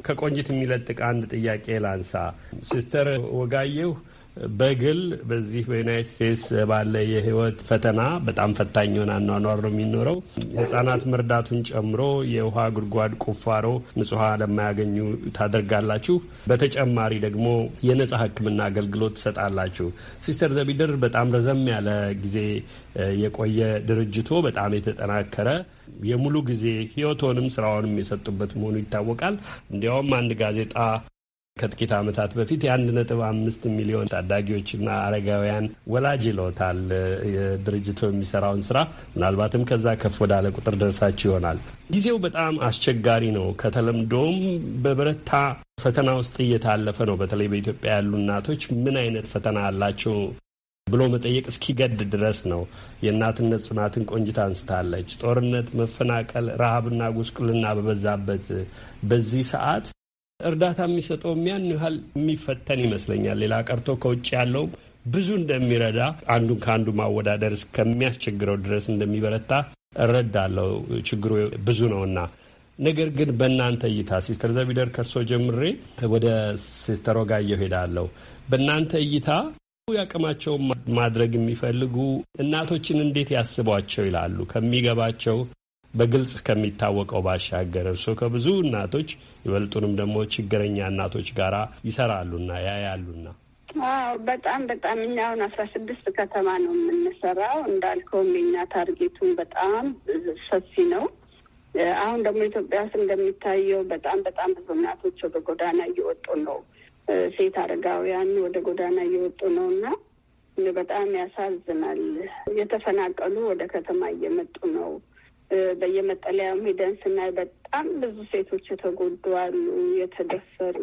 B: ከቆንጅት የሚለጥቅ አንድ ጥያቄ ላንሳ። ሲስተር ወጋየሁ በግል በዚህ በዩናይት ስቴትስ ባለ የህይወት ፈተና በጣም ፈታኝ የሆነ አኗኗር ነው የሚኖረው። ህጻናት መርዳቱን ጨምሮ የውሃ ጉድጓድ ቁፋሮ ንጹህ ለማያገኙ ታደርጋላችሁ። በተጨማሪ ደግሞ የነጻ ሕክምና አገልግሎት ትሰጣላችሁ። ሲስተር ዘቢድር በጣም ረዘም ያለ ጊዜ የቆየ ድርጅቶ በጣም የተጠናከረ የሙሉ ጊዜ ህይወቶንም ስራውንም የሰጡበት መሆኑ ይታወቃል። እንዲያውም አንድ ጋዜጣ ከጥቂት ዓመታት በፊት የአንድ ነጥብ አምስት ሚሊዮን ታዳጊዎችና አረጋውያን ወላጅ ይለውታል ድርጅቱ የሚሰራውን ስራ። ምናልባትም ከዛ ከፍ ወዳለ ቁጥር ደርሳችሁ ይሆናል። ጊዜው በጣም አስቸጋሪ ነው። ከተለምዶም በበረታ ፈተና ውስጥ እየታለፈ ነው። በተለይ በኢትዮጵያ ያሉ እናቶች ምን አይነት ፈተና አላቸው ብሎ መጠየቅ እስኪገድ ድረስ ነው። የእናትነት ጽናትን ቆንጅታ አንስታለች። ጦርነት፣ መፈናቀል፣ ረሃብና ጉስቁልና በበዛበት በዚህ ሰዓት እርዳታ የሚሰጠውም ያን ያህል የሚፈተን ይመስለኛል። ሌላ ቀርቶ ከውጭ ያለውም ብዙ እንደሚረዳ አንዱን ከአንዱ ማወዳደር እስከሚያስቸግረው ድረስ እንደሚበረታ እረዳለሁ። ችግሩ ብዙ ነውና ነገር ግን በእናንተ እይታ ሲስተር ዘቢደር ከእርሶ ጀምሬ ወደ ሲስተር ወጋየሁ ሄዳለሁ። በእናንተ እይታ ያቅማቸውን ማድረግ የሚፈልጉ እናቶችን እንዴት ያስቧቸው ይላሉ? ከሚገባቸው በግልጽ ከሚታወቀው ባሻገር እርስዎ ከብዙ እናቶች ይበልጡንም ደግሞ ችግረኛ እናቶች ጋራ ይሰራሉና ያያሉና።
A: አዎ በጣም በጣም እኛ አሁን አስራ ስድስት ከተማ ነው የምንሰራው። እንዳልከውም የኛ ታርጌቱን በጣም ሰፊ ነው። አሁን ደግሞ ኢትዮጵያ ውስጥ እንደሚታየው በጣም በጣም ብዙ እናቶች ወደ ጎዳና እየወጡ ነው። ሴት አረጋውያን ወደ ጎዳና እየወጡ ነው እና በጣም ያሳዝናል። የተፈናቀሉ ወደ ከተማ እየመጡ ነው። በየመጠለያው ሄደን ስናይ በጣም ብዙ ሴቶች የተጎዱ አሉ፣ የተደፈሩ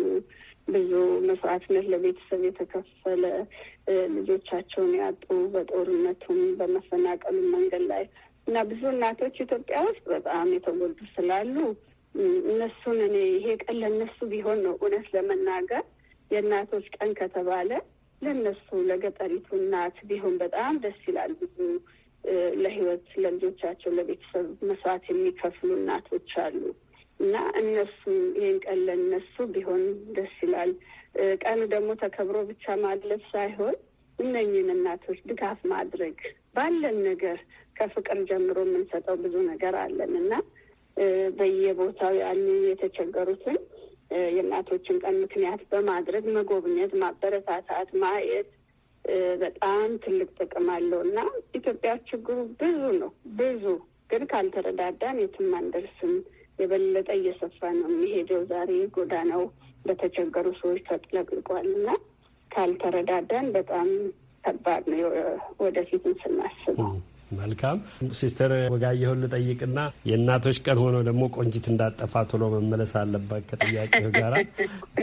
A: ብዙ መስዋዕትነት ለቤተሰብ የተከፈለ ልጆቻቸውን ያጡ በጦርነቱም በመፈናቀሉ መንገድ ላይ እና ብዙ እናቶች ኢትዮጵያ ውስጥ በጣም የተጎዱ ስላሉ እነሱን እኔ ይሄ ቀን ለእነሱ ቢሆን ነው እውነት ለመናገር የእናቶች ቀን ከተባለ ለእነሱ ለገጠሪቱ እናት ቢሆን በጣም ደስ ይላል። ብዙ ለህይወት ለልጆቻቸው ለቤተሰብ መስዋዕት የሚከፍሉ እናቶች አሉ እና እነሱ ይህን ቀን ለእነሱ ቢሆን ደስ ይላል። ቀኑ ደግሞ ተከብሮ ብቻ ማለፍ ሳይሆን እነኝን እናቶች ድጋፍ ማድረግ ባለን ነገር ከፍቅር ጀምሮ የምንሰጠው ብዙ ነገር አለን እና በየቦታው ያሉ የተቸገሩትን የእናቶችን ቀን ምክንያት በማድረግ መጎብኘት፣ ማበረታታት፣ ማየት በጣም ትልቅ ጥቅም አለው እና ኢትዮጵያ ችግሩ ብዙ ነው። ብዙ ግን ካልተረዳዳን የትም አንደርስም። የበለጠ እየሰፋ ነው የሚሄደው። ዛሬ ጎዳናው በተቸገሩ ሰዎች ተጥለቅልቋል እና ካልተረዳዳን በጣም ከባድ ነው ወደፊትን
B: ስናስበው መልካም ሲስተር ወጋየሁን ልጠይቅና የእናቶች ቀን ሆኖ ደግሞ ቆንጂት እንዳጠፋ ቶሎ መመለስ አለባት ከጥያቄው ጋራ።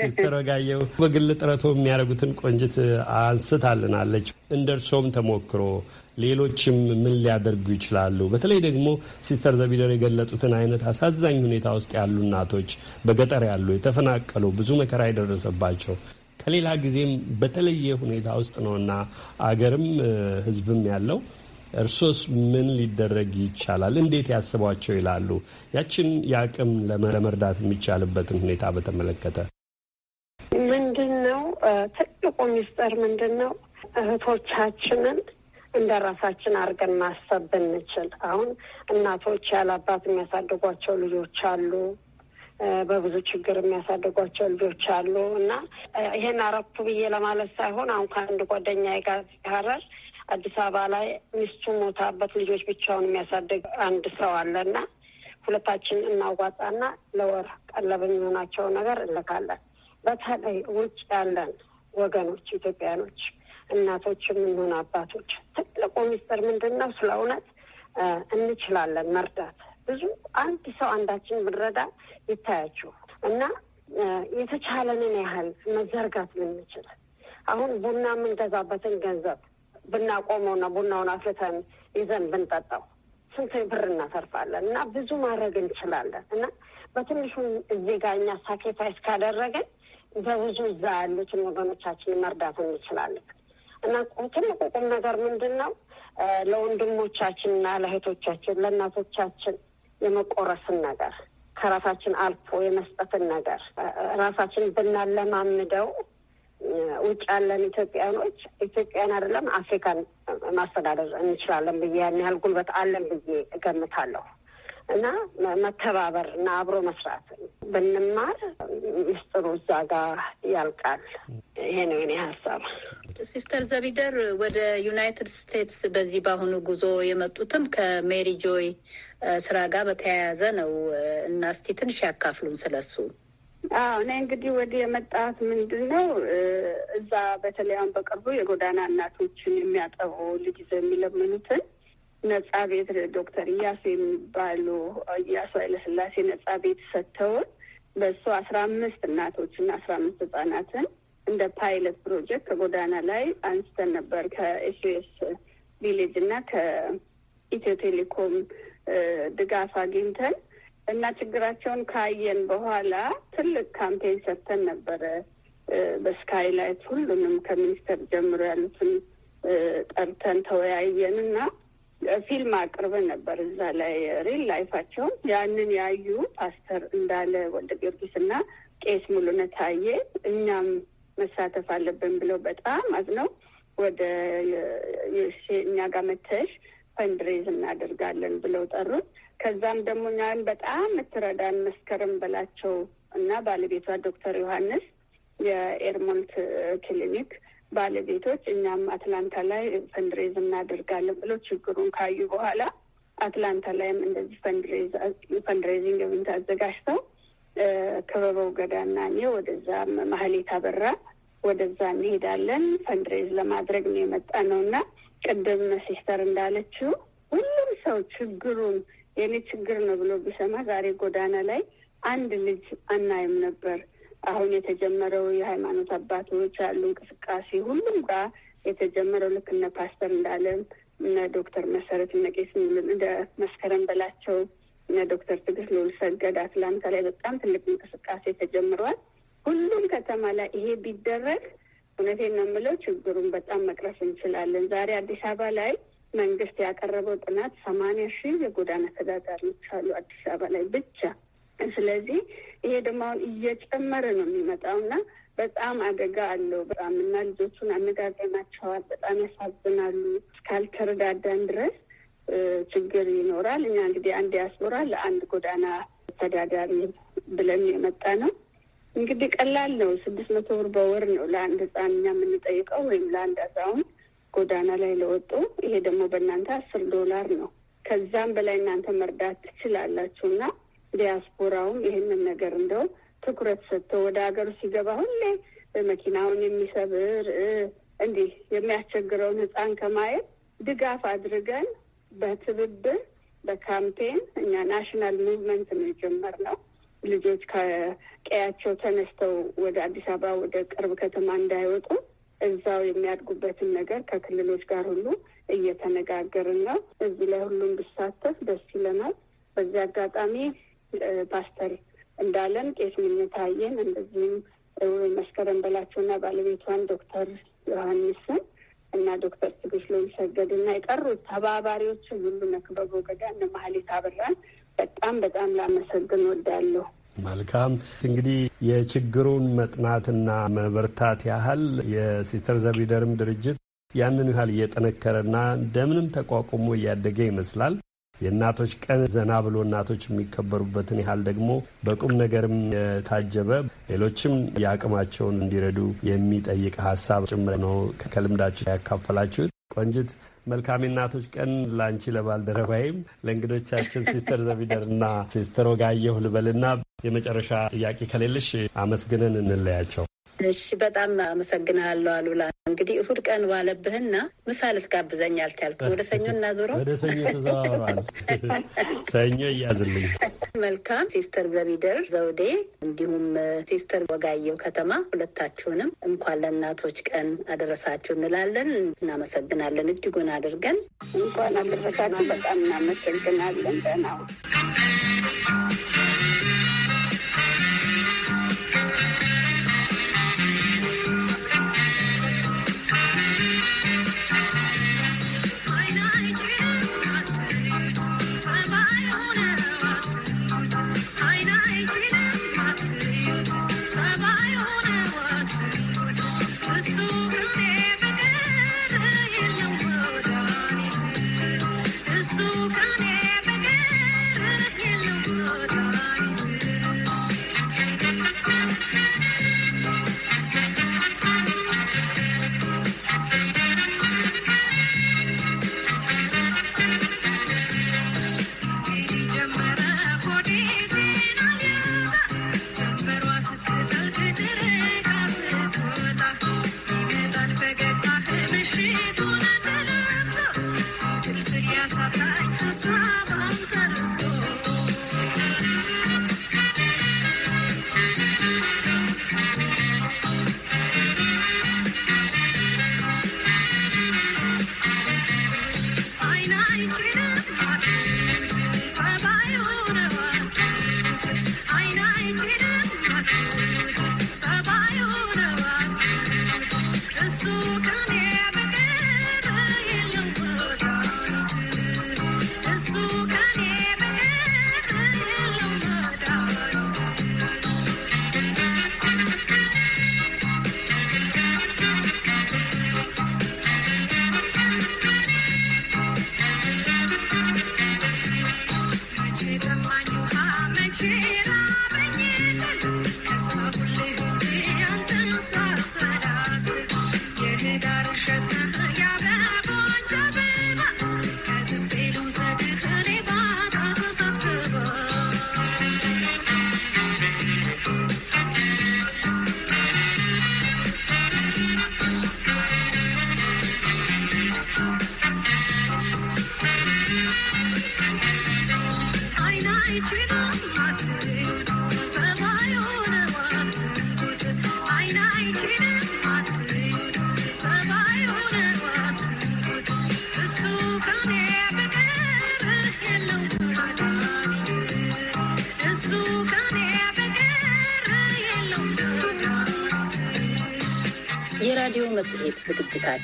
B: ሲስተር ወጋየሁ በግል ጥረቶ የሚያደርጉትን ቆንጂት አንስታልናለች። እንደ እርሶም ተሞክሮ ሌሎችም ምን ሊያደርጉ ይችላሉ? በተለይ ደግሞ ሲስተር ዘቢደር የገለጡትን አይነት አሳዛኝ ሁኔታ ውስጥ ያሉ እናቶች፣ በገጠር ያሉ የተፈናቀሉ፣ ብዙ መከራ የደረሰባቸው ከሌላ ጊዜም በተለየ ሁኔታ ውስጥ ነውና አገርም ህዝብም ያለው እርሶስ ምን ሊደረግ ይቻላል? እንዴት ያስቧቸው ይላሉ? ያችን የአቅም ለመርዳት የሚቻልበትን ሁኔታ በተመለከተ
A: ምንድን ነው ትልቁ ሚስጥር? ምንድን ነው እህቶቻችንን እንደ ራሳችን አድርገን ማሰብ ብንችል። አሁን እናቶች ያለ አባት የሚያሳድጓቸው ልጆች አሉ በብዙ ችግር የሚያሳድጓቸው ልጆች አሉ እና ይሄን አረኩ ብዬ ለማለት ሳይሆን አሁን ከአንድ ጓደኛ ጋር ሲካረር አዲስ አበባ ላይ ሚስቱ ሞታበት ልጆች ብቻውን የሚያሳደግ አንድ ሰው አለና ሁለታችን እናዋጣና ለወር ቀለብ የሚሆናቸውን ነገር እልካለን። በተለይ ውጭ ያለን ወገኖች ኢትዮጵያኖች፣ እናቶች ይሁን አባቶች ትልቁ ሚስጥር ምንድን ነው? ስለ እውነት እንችላለን መርዳት። ብዙ አንድ ሰው አንዳችን ብንረዳ ይታያችሁ እና የተቻለንን ያህል መዘርጋት ብንችል አሁን ቡና የምንገዛበትን ገንዘብ ብናቆመው እና ቡናውን አፍልተን ይዘን ብንጠጣው ስንት ብር እናተርፋለን። እና ብዙ ማድረግ እንችላለን። እና በትንሹም እዚህ ጋር እኛ ሳክሪፋይስ ካደረገን በብዙ እዛ ያሉትን ወገኖቻችን መርዳት እንችላለን። እና ትልቁ ቁም ነገር ምንድን ነው? ለወንድሞቻችን እና ለእህቶቻችን ለእናቶቻችን የመቆረስን ነገር ከራሳችን አልፎ የመስጠትን ነገር ራሳችን ብናለማምደው ውጭ ያለን ኢትዮጵያኖች ኢትዮጵያን አይደለም አፍሪካን ማስተዳደር እንችላለን ብዬ ያን ያህል ጉልበት አለን ብዬ እገምታለሁ። እና መተባበር እና አብሮ መስራት ብንማር ምስጢሩ እዛ ጋር ያልቃል። ይሄ ነው የኔ ሀሳብ። ሲስተር ዘቢደር ወደ ዩናይትድ ስቴትስ
C: በዚህ በአሁኑ ጉዞ የመጡትም ከሜሪ ጆይ ስራ ጋር በተያያዘ ነው እና እስቲ ትንሽ ያካፍሉን ስለሱ።
A: አዎ እኔ እንግዲህ ወደ የመጣሁት ምንድን ነው እዛ በተለይ አሁን በቅርቡ የጎዳና እናቶችን የሚያጠቡ ልጅ ይዘው የሚለምኑትን ነጻ ቤት ዶክተር እያሱ የሚባሉ እያሱ ኃይለስላሴ ነጻ ቤት ሰጥተውን በእሱ አስራ አምስት እናቶችና አስራ አምስት ህጻናትን እንደ ፓይለት ፕሮጀክት ከጎዳና ላይ አንስተን ነበር ከኤስኤስ ቪሌጅ እና ከኢትዮ ቴሌኮም ድጋፍ አግኝተን እና ችግራቸውን ካየን በኋላ ትልቅ ካምፔን ሰርተን ነበረ። በስካይላይት ሁሉንም ከሚኒስተር ጀምሮ ያሉትን ጠርተን ተወያየን እና ፊልም አቅርበን ነበር እዛ ላይ ሪል ላይፋቸውን ያንን ያዩ ፓስተር እንዳለ ወልደ ጊዮርጊስ እና ቄስ ሙሉነ ታዬ እኛም መሳተፍ አለብን ብለው በጣም አዝነው ወደ እኛ ጋር መተሽ ፈንድሬዝ እናደርጋለን ብለው ጠሩት። ከዛም ደግሞ እኛን በጣም የምትረዳን መስከረም በላቸው እና ባለቤቷ ዶክተር ዮሐንስ የኤርሞንት ክሊኒክ ባለቤቶች እኛም አትላንታ ላይ ፈንድሬዝ እናደርጋለን ብሎ ችግሩን ካዩ በኋላ አትላንታ ላይም እንደዚህ ፈንድሬዚንግ ኢቨንት አዘጋጅተው ከበበው ገዳና እኔ ወደዛ ማህሌት አበራ ወደዛ እንሄዳለን ፈንድሬዝ ለማድረግ ነው የመጣ ነው እና ቅድም ሲስተር እንዳለችው ሰው ችግሩን የኔ ችግር ነው ብሎ ቢሰማ ዛሬ ጎዳና ላይ አንድ ልጅ አናይም ነበር። አሁን የተጀመረው የሃይማኖት አባቶች ያሉ እንቅስቃሴ ሁሉም ጋር የተጀመረው ልክ እነ ፓስተር እንዳለም እነ ዶክተር መሰረት እነ ቄስ እንደ መስከረም በላቸው እነ ዶክተር ትግስት ልዑልሰገድ አትላንታ ላይ በጣም ትልቅ እንቅስቃሴ ተጀምሯል። ሁሉም ከተማ ላይ ይሄ ቢደረግ እውነቴን ነው የምለው ችግሩን በጣም መቅረፍ እንችላለን። ዛሬ አዲስ አበባ ላይ መንግስት ያቀረበው ጥናት ሰማንያ ሺህ የጎዳና ተዳዳሪዎች አሉ አዲስ አበባ ላይ ብቻ። ስለዚህ ይሄ ደግሞ አሁን እየጨመረ ነው የሚመጣው እና በጣም አደጋ አለው በጣም እና ልጆቹን አነጋገናቸዋል። በጣም ያሳዝናሉ። እስካልተረዳዳን ድረስ ችግር ይኖራል። እኛ እንግዲህ አንድ ያስኖራ ለአንድ ጎዳና ተዳዳሪ ብለን የመጣ ነው። እንግዲህ ቀላል ነው። ስድስት መቶ ብር በወር ነው ለአንድ ህፃን እኛ የምንጠይቀው ወይም ለአንድ አዛውንት ጎዳና ላይ ለወጡ ይሄ ደግሞ በእናንተ አስር ዶላር ነው። ከዛም በላይ እናንተ መርዳት ትችላላችሁ እና ዲያስፖራውም ይህንን ነገር እንደው ትኩረት ሰጥቶ ወደ ሀገሩ ሲገባ ሁሌ መኪናውን የሚሰብር እንዲህ የሚያስቸግረውን ህፃን ከማየት ድጋፍ አድርገን በትብብር በካምፔን እኛ ናሽናል ሙቭመንት ነው የጀመርነው። ልጆች ከቀያቸው ተነስተው ወደ አዲስ አበባ ወደ ቅርብ ከተማ እንዳይወጡ እዛው የሚያድጉበትን ነገር ከክልሎች ጋር ሁሉ እየተነጋገርን ነው። እዚህ ላይ ሁሉም ብሳተፍ ደስ ይለናል። በዚህ አጋጣሚ ፓስተር እንዳለን ቄስ ምኝታየን እንደዚህም መስከረም በላቸውና ባለቤቷን ዶክተር ዮሐንስን እና ዶክተር ትግሽ ሎሚሰገድ እና የቀሩት ተባባሪዎችን ሁሉ ነክበበ ገዳ እነ መሀሌት አበራን በጣም በጣም ላመሰግን ወዳለሁ።
B: መልካም እንግዲህ የችግሩን መጥናትና መበርታት ያህል የሲስተር ዘቢደርም ድርጅት ያንን ያህል እየጠነከረና እንደምንም ተቋቁሞ እያደገ ይመስላል። የእናቶች ቀን ዘና ብሎ እናቶች የሚከበሩበትን ያህል ደግሞ በቁም ነገርም የታጀበ ሌሎችም የአቅማቸውን እንዲረዱ የሚጠይቅ ሀሳብ ጭምር ነው ከልምዳችሁ ያካፈላችሁት። ቆንጅት፣ መልካም እናቶች ቀን ለአንቺ ለባልደረባይም፣ ለእንግዶቻችን ሲስተር ዘቢደር እና ሲስተር ወጋየሁ ልበልና የመጨረሻ ጥያቄ ከሌለሽ አመስግነን እንለያቸው።
C: እሺ በጣም አመሰግናለሁ አሉላ። እንግዲህ እሁድ ቀን ዋለብህና ምሳ ልትጋብዘኝ አልቻልክም። ወደ ሰኞ እናዞረው፣ ወደ ሰኞ ተዘዋውሯል።
B: ሰኞ እያዝልኝ።
C: መልካም ሲስተር ዘቢደር ዘውዴ እንዲሁም ሲስተር ወጋየው ከተማ ሁለታችሁንም እንኳን ለእናቶች ቀን አደረሳችሁ እንላለን። እናመሰግናለን እጅጉን አድርገን።
A: እንኳን አደረሳችሁ። በጣም እናመሰግናለን። ደህና
F: Yes, I like to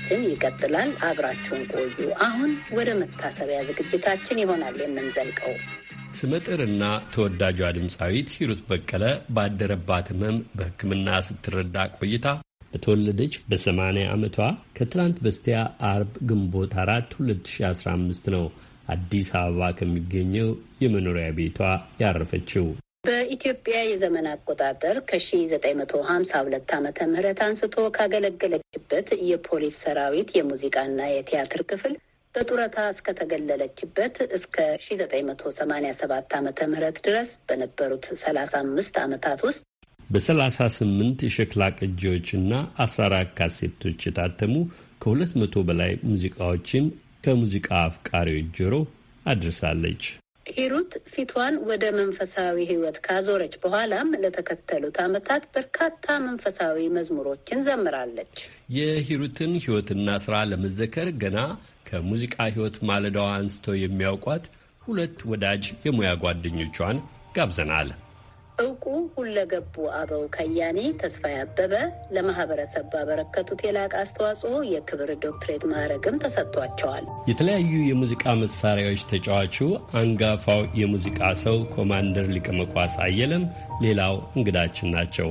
C: ዝግጅታችን ይቀጥላል። አብራችሁን ቆዩ። አሁን ወደ መታሰቢያ ዝግጅታችን ይሆናል የምንዘልቀው።
B: ስመጥርና ተወዳጇ ድምፃዊት ሂሩት በቀለ ባደረባት ህመም በሕክምና ስትረዳ ቆይታ በተወለደች በ80 ዓመቷ ከትላንት በስቲያ አርብ ግንቦት 4 2015 ነው አዲስ አበባ ከሚገኘው የመኖሪያ ቤቷ ያረፈችው።
C: በኢትዮጵያ የዘመን አቆጣጠር ከ1952 ዓ ም አንስቶ ካገለገለችበት የፖሊስ ሰራዊት የሙዚቃና የቲያትር ክፍል በጡረታ እስከተገለለችበት እስከ 1987 ዓ ም ድረስ በነበሩት 35 ዓመታት ውስጥ
B: በ38 የሸክላ ቅጂዎችና 14 ካሴቶች የታተሙ ከሁለት መቶ በላይ ሙዚቃዎችን ከሙዚቃ አፍቃሪዎች ጆሮ አድርሳለች።
C: ሂሩት ፊቷን ወደ መንፈሳዊ ሕይወት ካዞረች በኋላም ለተከተሉት ዓመታት በርካታ መንፈሳዊ መዝሙሮችን ዘምራለች።
B: የሂሩትን ሕይወትና ስራ ለመዘከር ገና ከሙዚቃ ሕይወት ማለዳዋ አንስቶ የሚያውቋት ሁለት ወዳጅ የሙያ ጓደኞቿን ጋብዘናል።
C: እውቁ ሁለገቡ አበው ከያኔ ተስፋ ያበበ፣ ለማህበረሰብ ባበረከቱት የላቀ አስተዋጽኦ የክብር ዶክትሬት ማዕረግም ተሰጥቷቸዋል።
B: የተለያዩ የሙዚቃ መሳሪያዎች ተጫዋቹ አንጋፋው የሙዚቃ ሰው ኮማንደር ሊቀመቋስ አየለም ሌላው እንግዳችን ናቸው።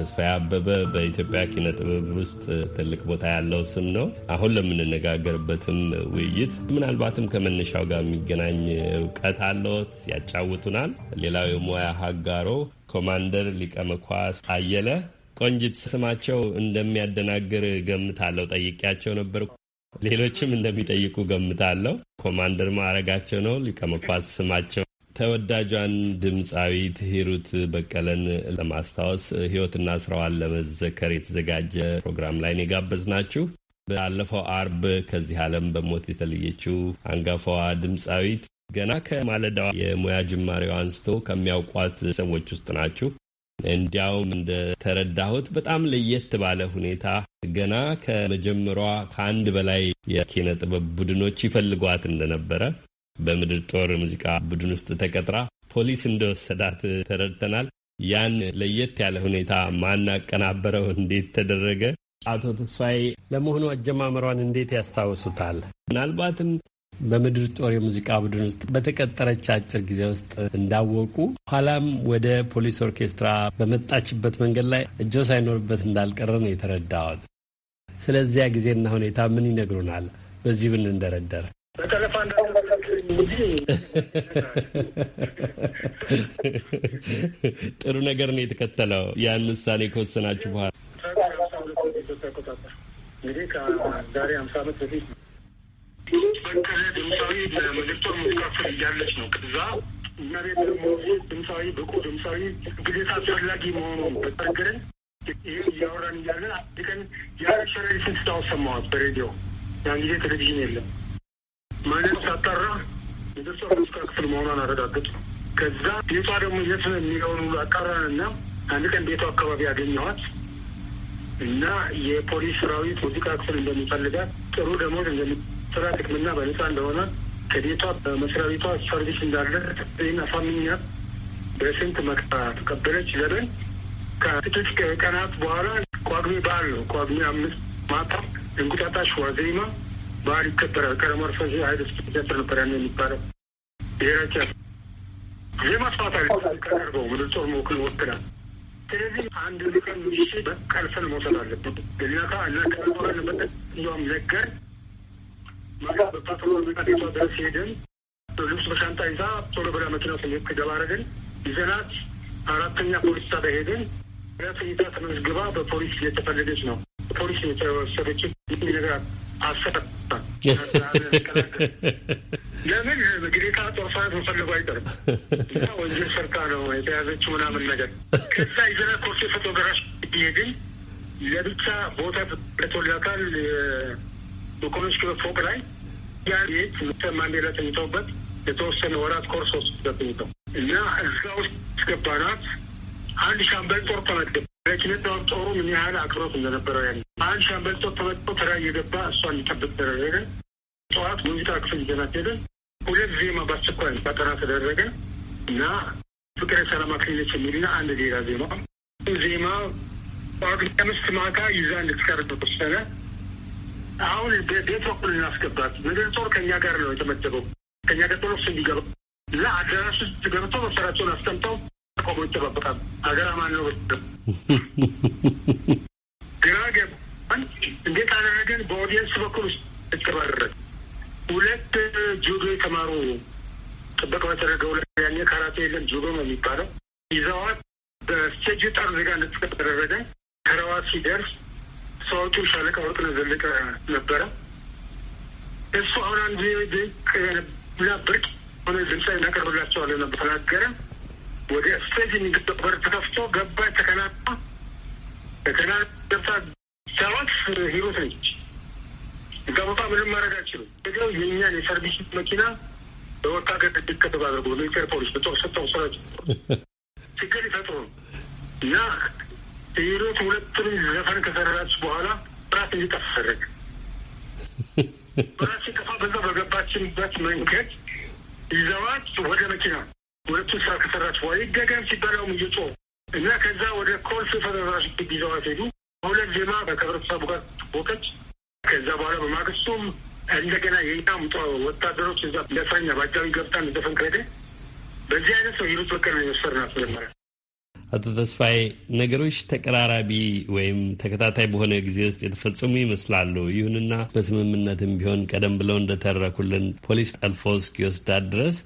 B: ተስፋዬ አበበ በኢትዮጵያ ኪነ ጥበብ ውስጥ ትልቅ ቦታ ያለው ስም ነው። አሁን ለምንነጋገርበትም ውይይት ምናልባትም ከመነሻው ጋር የሚገናኝ እውቀት አለዎት፣ ያጫውቱናል። ሌላው የሙያ ሀጋሮ ኮማንደር ሊቀመኳስ አየለ ቆንጅት ስማቸው እንደሚያደናግር ገምታለሁ። ጠይቄያቸው ነበር። ሌሎችም እንደሚጠይቁ ገምታለሁ። ኮማንደር ማዕረጋቸው ነው። ሊቀመኳስ ስማቸው ተወዳጇን ድምፃዊት ሂሩት በቀለን ለማስታወስ ህይወትና ስራዋን ለመዘከር የተዘጋጀ ፕሮግራም ላይ የጋበዝ ናችሁ። ባለፈው አርብ ከዚህ ዓለም በሞት የተለየችው አንጋፋዋ ድምፃዊት ገና ከማለዳዋ የሙያ ጅማሬዋ አንስቶ ከሚያውቋት ሰዎች ውስጥ ናችሁ። እንዲያውም እንደተረዳሁት በጣም ለየት ባለ ሁኔታ ገና ከመጀመሯ ከአንድ በላይ የኪነ ጥበብ ቡድኖች ይፈልጓት እንደነበረ በምድር ጦር ሙዚቃ ቡድን ውስጥ ተቀጥራ ፖሊስ እንደወሰዳት ተረድተናል። ያን ለየት ያለ ሁኔታ ማናቀናበረው እንዴት ተደረገ? አቶ ተስፋዬ ለመሆኑ አጀማመሯን እንዴት ያስታውሱታል? ምናልባትም በምድር ጦር የሙዚቃ ቡድን ውስጥ በተቀጠረች አጭር ጊዜ ውስጥ እንዳወቁ ኋላም ወደ ፖሊስ ኦርኬስትራ በመጣችበት መንገድ ላይ እጆ ሳይኖርበት እንዳልቀረ ነው የተረዳሁት። ስለዚያ ጊዜና ሁኔታ ምን ይነግሩናል? በዚህ ብንደረደር በጠለፋ ጥሩ ነገር ነው የተከተለው። ያን ውሳኔ ከወሰናችሁ በኋላ
D: እንግዲህ ከዛሬ ሀምሳ ዓመት በፊት ድምፃዊ እያለች ነው ከዛ ደግሞ ድምፃዊ ብቁ ድምፃዊ ግዴታ አስፈላጊ መሆኑን ይህ እያወራን እያለን አንድ ቀን የሸረሪስን ስታወስ ሰማዋት በሬዲዮ ያን ጊዜ ቴሌቪዥን የለም ማንም ሳጠራ የደርሷ ሙስካ ክፍል መሆኗን አረጋግጡ። ከዛ ቤቷ ደግሞ የት ነው የሚለውን ሁሉ አቀራንና አንድ ቀን ቤቷ አካባቢ ያገኘኋት እና የፖሊስ ሰራዊት ሙዚቃ ክፍል እንደሚፈልጋት ጥሩ ደግሞ እንደሚሰራ ጥቅምና በነፃ እንደሆነ ከቤቷ በመስሪያ ቤቷ ሰርቪስ እንዳለ ይህን አሳምኛ በስንት መክታ ተቀበለች። ዘበን ከጥቂት ቀናት በኋላ ቋግሜ በዓል ነው። ቋግሜ አምስት ማታ እንቁጣጣሽ ዋዜማ ባህል ይከበራል። ቀለማርፈ ሀይል ስጠር ነበር ያን የሚባለው ብሔራቸው የማስፋታ ከደርገው ወደ ጦር መወክል ወክላል። ስለዚህ አንድ ልቀን ምሽ ቀልፈን መውሰድ አለብን። እኛካ እናከበረንበት እንዲም ነገር ማጋ በፓትሮል መቃቤቷ ድረስ ሄደን ልብስ በሻንጣ ይዛ ቶሎ ብላ መኪና ስንሄድ ገባረግን ይዘናት አራተኛ ፖሊስ ጣቢያ ሄደን ያ ተይዛ ተመዝግባ በፖሊስ እየተፈለገች ነው። ፖሊስ የተወሰደችው ነገር አሰጠበም። ለምን ግዴታ ጦር ሰዓት መፈለጉ አይቀርም። እና ወንጀል ሰርታ ነው የተያዘችው ምናምን ነገር ከዛ ይዘና ኮርሴ ፎቶግራፍ ግን ለብቻ ቦታ ተቶላታል። ኢኮኖሚስ ፎቅ ላይ ያቤት ማንዴላ ተኝተውበት የተወሰነ ወራት ኮርስ ወስጥ ተኝተው እና እዛ ውስጥ ገባናት። አንድ ሻምበል ጦር ተመደበ። ለኪነጥበብ ጦሩ ምን ያህል አቅርቦት እንደነበረው ያለ አንድ ሻምበል ጦር ተመጥቶ ተራ እየገባ እሷን ሊጠብቅ ተደረገ። ጠዋት ሙዚቃ ክፍል ይዘናት ሄደ። ሁለት ዜማ በአስቸኳይ ፈጠራ ተደረገ እና ፍቅረ ሰላም አክሊነች የሚልና አንድ ሌላ ዜማ ዜማ ጠዋት አምስት ማታ ይዛ እንድትቀር ተወሰነ። አሁን ቤት በኩል እናስገባት ምድር ጦር ከእኛ ጋር ነው የተመደበው ከእኛ ቀጥሎ እሱ እንዲገባ እና አዳራሽ ውስጥ ገብቶ መሰራቸውን አስቀምጠው ቆሞ ይጠባበቃል። ሀገር አማን ነው። ግራ ገባን። እንዴት አደረገን? በኦዲየንስ በኩል ይተባረረን። ሁለት ጁዶ የተማሩ ጥበቃ በተደረገ ሁለት ያኔ ካራቴ የለም ጁዶ ነው የሚባለው ይዘዋት በስቴጅ ጠርዝ ጋር እንደተደረገ ተረዋት ሲደርስ ሰዎቹ ሻለቃ ወርቅነህ ዘለቀ ነበረ። እሱ አሁን አንድ ብርቅ ሆነ ድምፃ እናቀርብላቸዋለን ተናገረ። ወደ ስቴጅ በር ተከፍቶ ገባ። ተከናጣ ተከና ገብታ ሰባት ሂሮት ነች። ጋቦታ ምንም ማድረግ አችሉም። ው የእኛን የሰርቪስ መኪና በወታገር ድከተብ ባደርጉ ሚሊቴር ፖሊስ በጦር ሰጠው ስራጭ
F: ችግር ይፈጥሩ እና ሂሮት ሁለቱንም ዘፈን
D: ከሰራች በኋላ ራት እንዲጠፋ ፈረግ ራት ሲጠፋ በዛ በገባችንበት መንገድ ይዘዋት ወደ መኪና ሁለቱ ስራ ከሰራች በኋላ ይደገም ሲባላውም እየጮሁ እና ከዛ ወደ ኮልፌ ፈተራሽ ይዘዋት ሄዱ። በሁለት ዜማ ከህብረተሰቡ ጋር ቦቀች። ከዛ በኋላ በማግስቱም እንደገና የኛም ወታደሮች እዛ ለእስረኛ በአጃቢ ገብታ እንደተፈንክረደ በዚህ አይነት ነው ሂሩት በቀለ የወሰድ
F: ናት። ጀመረ
B: አቶ ተስፋዬ ነገሮች ተቀራራቢ ወይም ተከታታይ በሆነ ጊዜ ውስጥ የተፈጸሙ ይመስላሉ። ይሁንና በስምምነትም ቢሆን ቀደም ብለው እንደተረኩልን ፖሊስ ጠልፎ እስኪወስዳት ድረስ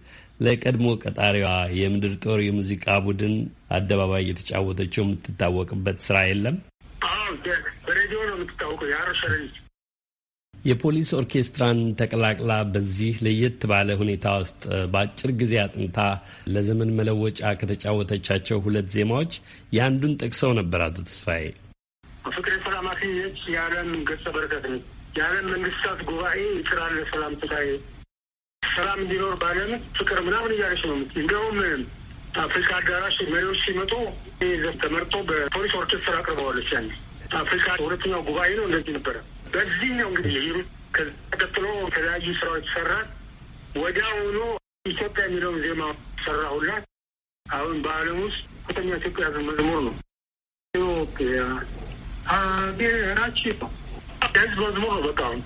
B: ለቀድሞ ቀጣሪዋ የምድር ጦር የሙዚቃ ቡድን አደባባይ እየተጫወተችው የምትታወቅበት ስራ የለም።
D: በሬዲዮ ነው የምትታወቀው።
B: የፖሊስ ኦርኬስትራን ተቀላቅላ በዚህ ለየት ባለ ሁኔታ ውስጥ በአጭር ጊዜ አጥንታ ለዘመን መለወጫ ከተጫወተቻቸው ሁለት ዜማዎች የአንዱን ጠቅሰው ነበር አቶ ተስፋዬ።
F: ፍቅሬ
D: ሰላማዊ የዓለም ገጸ በረከት ነች። የዓለም መንግስታት ጉባኤ ይጥራል ለሰላም ትጋዬ ሰላም እንዲኖር ባለም ፍቅር ምናምን እያለች ነው። እንዲያውም አፍሪካ አዳራሽ መሪዎች ሲመጡ ተመርጦ በፖሊስ ኦርኬስትራ አቅርበዋለች። ያ አፍሪካ ሁለተኛው ጉባኤ ነው እንደዚህ ነበረ። በዚህ ነው እንግዲህ ሂሩት ተቀጥሎ የተለያዩ ስራዎች ሰራ። ወዲያውኑ ኢትዮጵያ የሚለውን ዜማ ሰራሁላት። አሁን በዓለም ውስጥ ሁለተኛ ኢትዮጵያ ህዝብ መዝሙር ነው። ሀገራችን ነው። ህዝብ መዝሙር ነው። በቃ አሁን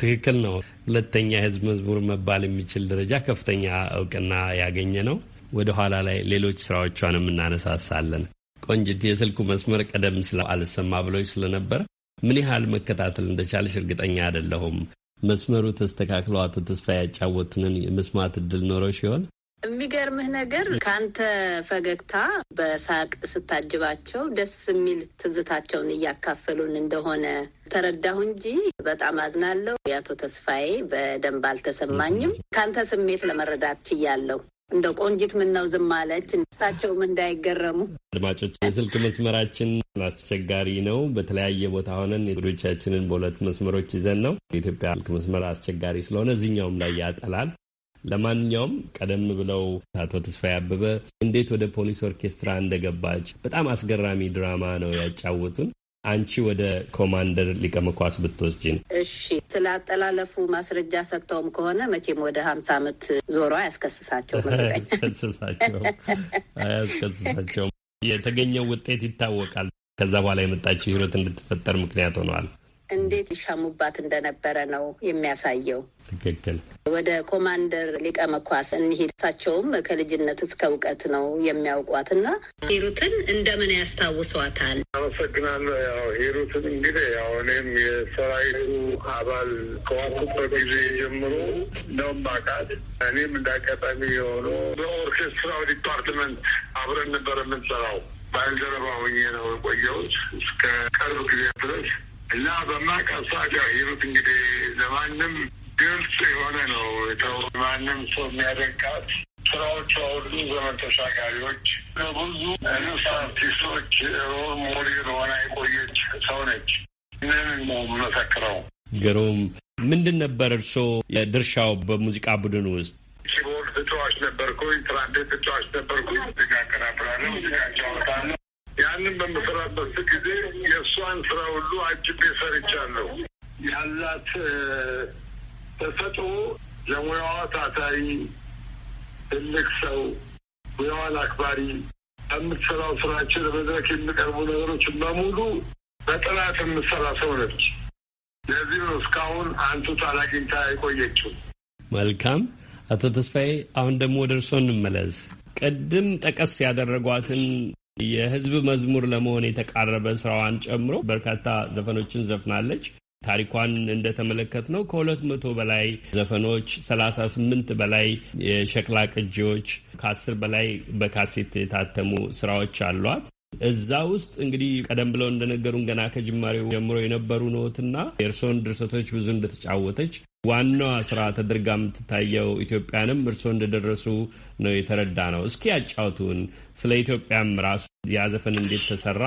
B: ትክክል ነው። ሁለተኛ የህዝብ መዝሙር መባል የሚችል ደረጃ ከፍተኛ እውቅና ያገኘ ነው። ወደ ኋላ ላይ ሌሎች ስራዎቿንም እናነሳሳለን። ቆንጅት፣ የስልኩ መስመር ቀደም ስለ አልሰማ ብሎች ስለነበር ምን ያህል መከታተል እንደቻልሽ እርግጠኛ አይደለሁም። መስመሩ ተስተካክሎ አቶ ተስፋ ያጫወትንን የመስማት እድል ኖረው ሲሆን
C: የሚገርምህ ነገር ከአንተ ፈገግታ በሳቅ ስታጅባቸው ደስ የሚል ትዝታቸውን እያካፈሉን እንደሆነ ተረዳሁ እንጂ በጣም አዝናለሁ። የአቶ ተስፋዬ በደንብ አልተሰማኝም። ከአንተ ስሜት ለመረዳት ችያለሁ። እንደ ቆንጂት ምነው ዝም አለች? እሳቸውም እንዳይገረሙ።
B: አድማጮች የስልክ መስመራችን አስቸጋሪ ነው። በተለያየ ቦታ ሆነን እንግዶቻችንን በሁለት መስመሮች ይዘን ነው። የኢትዮጵያ ስልክ መስመር አስቸጋሪ ስለሆነ እዚኛውም ላይ ያጠላል። ለማንኛውም ቀደም ብለው አቶ ተስፋ ያበበ እንዴት ወደ ፖሊስ ኦርኬስትራ እንደገባች በጣም አስገራሚ ድራማ ነው ያጫወቱን። አንቺ ወደ ኮማንደር ሊቀመኳስ ብትወስጅን
C: እሺ ስለ አጠላለፉ ማስረጃ ሰጥተውም ከሆነ መቼም ወደ ሀምሳ ዓመት ዞሮ አያስከስሳቸውም፣
B: አያስከስሳቸውም። የተገኘው ውጤት ይታወቃል። ከዛ በኋላ የመጣችው ህይወት እንድትፈጠር ምክንያት ሆነዋል።
C: እንዴት ይሻሙባት እንደነበረ ነው የሚያሳየው። ትክክል። ወደ ኮማንደር ሊቀ መኳስ እንሂድ። እሳቸውም ከልጅነት እስከ እውቀት ነው የሚያውቋት እና ሂሩትን እንደምን ያስታውሷታል? አመሰግናለሁ። ያው ሂሩትን
D: እንግዲህ ያው እኔም የሰራዊቱ አባል ከዋኩበት ጊዜ ጀምሮ ነው ማቃት። እኔም እንዳጋጣሚ የሆኑ በኦርኬስትራው ዲፓርትመንት አብረን ነበር የምንሰራው ባልደረባ ሆኜ ነው የቆየሁት እስከ ቅርብ ጊዜ ድረስ እና በማቀሳ ጋር ሂሩት እንግዲህ ለማንም ግልጽ የሆነ ነው። ማንም ሰው የሚያደንቃት ስራዎቿ ሁሉ ዘመን ተሻጋሪዎች ለብዙ እንስ አርቲስቶች ሮል ሞዴል ሆና የቆየች ሰው ነች። ምን መሰክረው የምመሰክረው።
B: ግሩም ምንድን ነበር እርሶ የድርሻው በሙዚቃ ቡድን ውስጥ? ኪቦርድ ተጫዋች ነበርኩኝ። ትራምፔት ተጫዋች ነበርኩኝ። ሙዚቃ አቀናብራለሁ፣
D: ሙዚቃ ጫወታለሁ ያንን በምሰራበት ጊዜ የእሷን ስራ ሁሉ አጅቤ ሰርቻለሁ። ያላት ተሰጥኦ ለሙያዋ ታታሪ፣ ትልቅ ሰው፣ ሙያዋን አክባሪ፣ ከምትሰራው ስራችን ለመድረክ የሚቀርቡ ነገሮችን በሙሉ በጥናት የምትሰራ ሰው ነች። ለዚህ ነው እስካሁን አንቱ ታላቂንታ የቆየችው።
B: መልካም አቶ ተስፋዬ፣ አሁን ደግሞ ወደ እርስዎ እንመለስ። ቅድም ጠቀስ ያደረጓትን የህዝብ መዝሙር ለመሆን የተቃረበ ስራዋን ጨምሮ በርካታ ዘፈኖችን ዘፍናለች። ታሪኳን እንደተመለከት ነው ከሁለት መቶ በላይ ዘፈኖች፣ ሰላሳ ስምንት በላይ የሸክላ ቅጂዎች፣ ከአስር በላይ በካሴት የታተሙ ስራዎች አሏት። እዛ ውስጥ እንግዲህ ቀደም ብለው እንደነገሩን ገና ከጅማሬው ጀምሮ የነበሩ ነዎትና የእርስዎን ድርሰቶች ብዙ እንደተጫወተች ዋናዋ ስራ ተደርጋ የምትታየው ኢትዮጵያንም እርስዎ እንደደረሱ ነው የተረዳ ነው። እስኪ ያጫውቱን ስለ ኢትዮጵያም ራሱ ያዘፈን እንዴት ተሰራ፣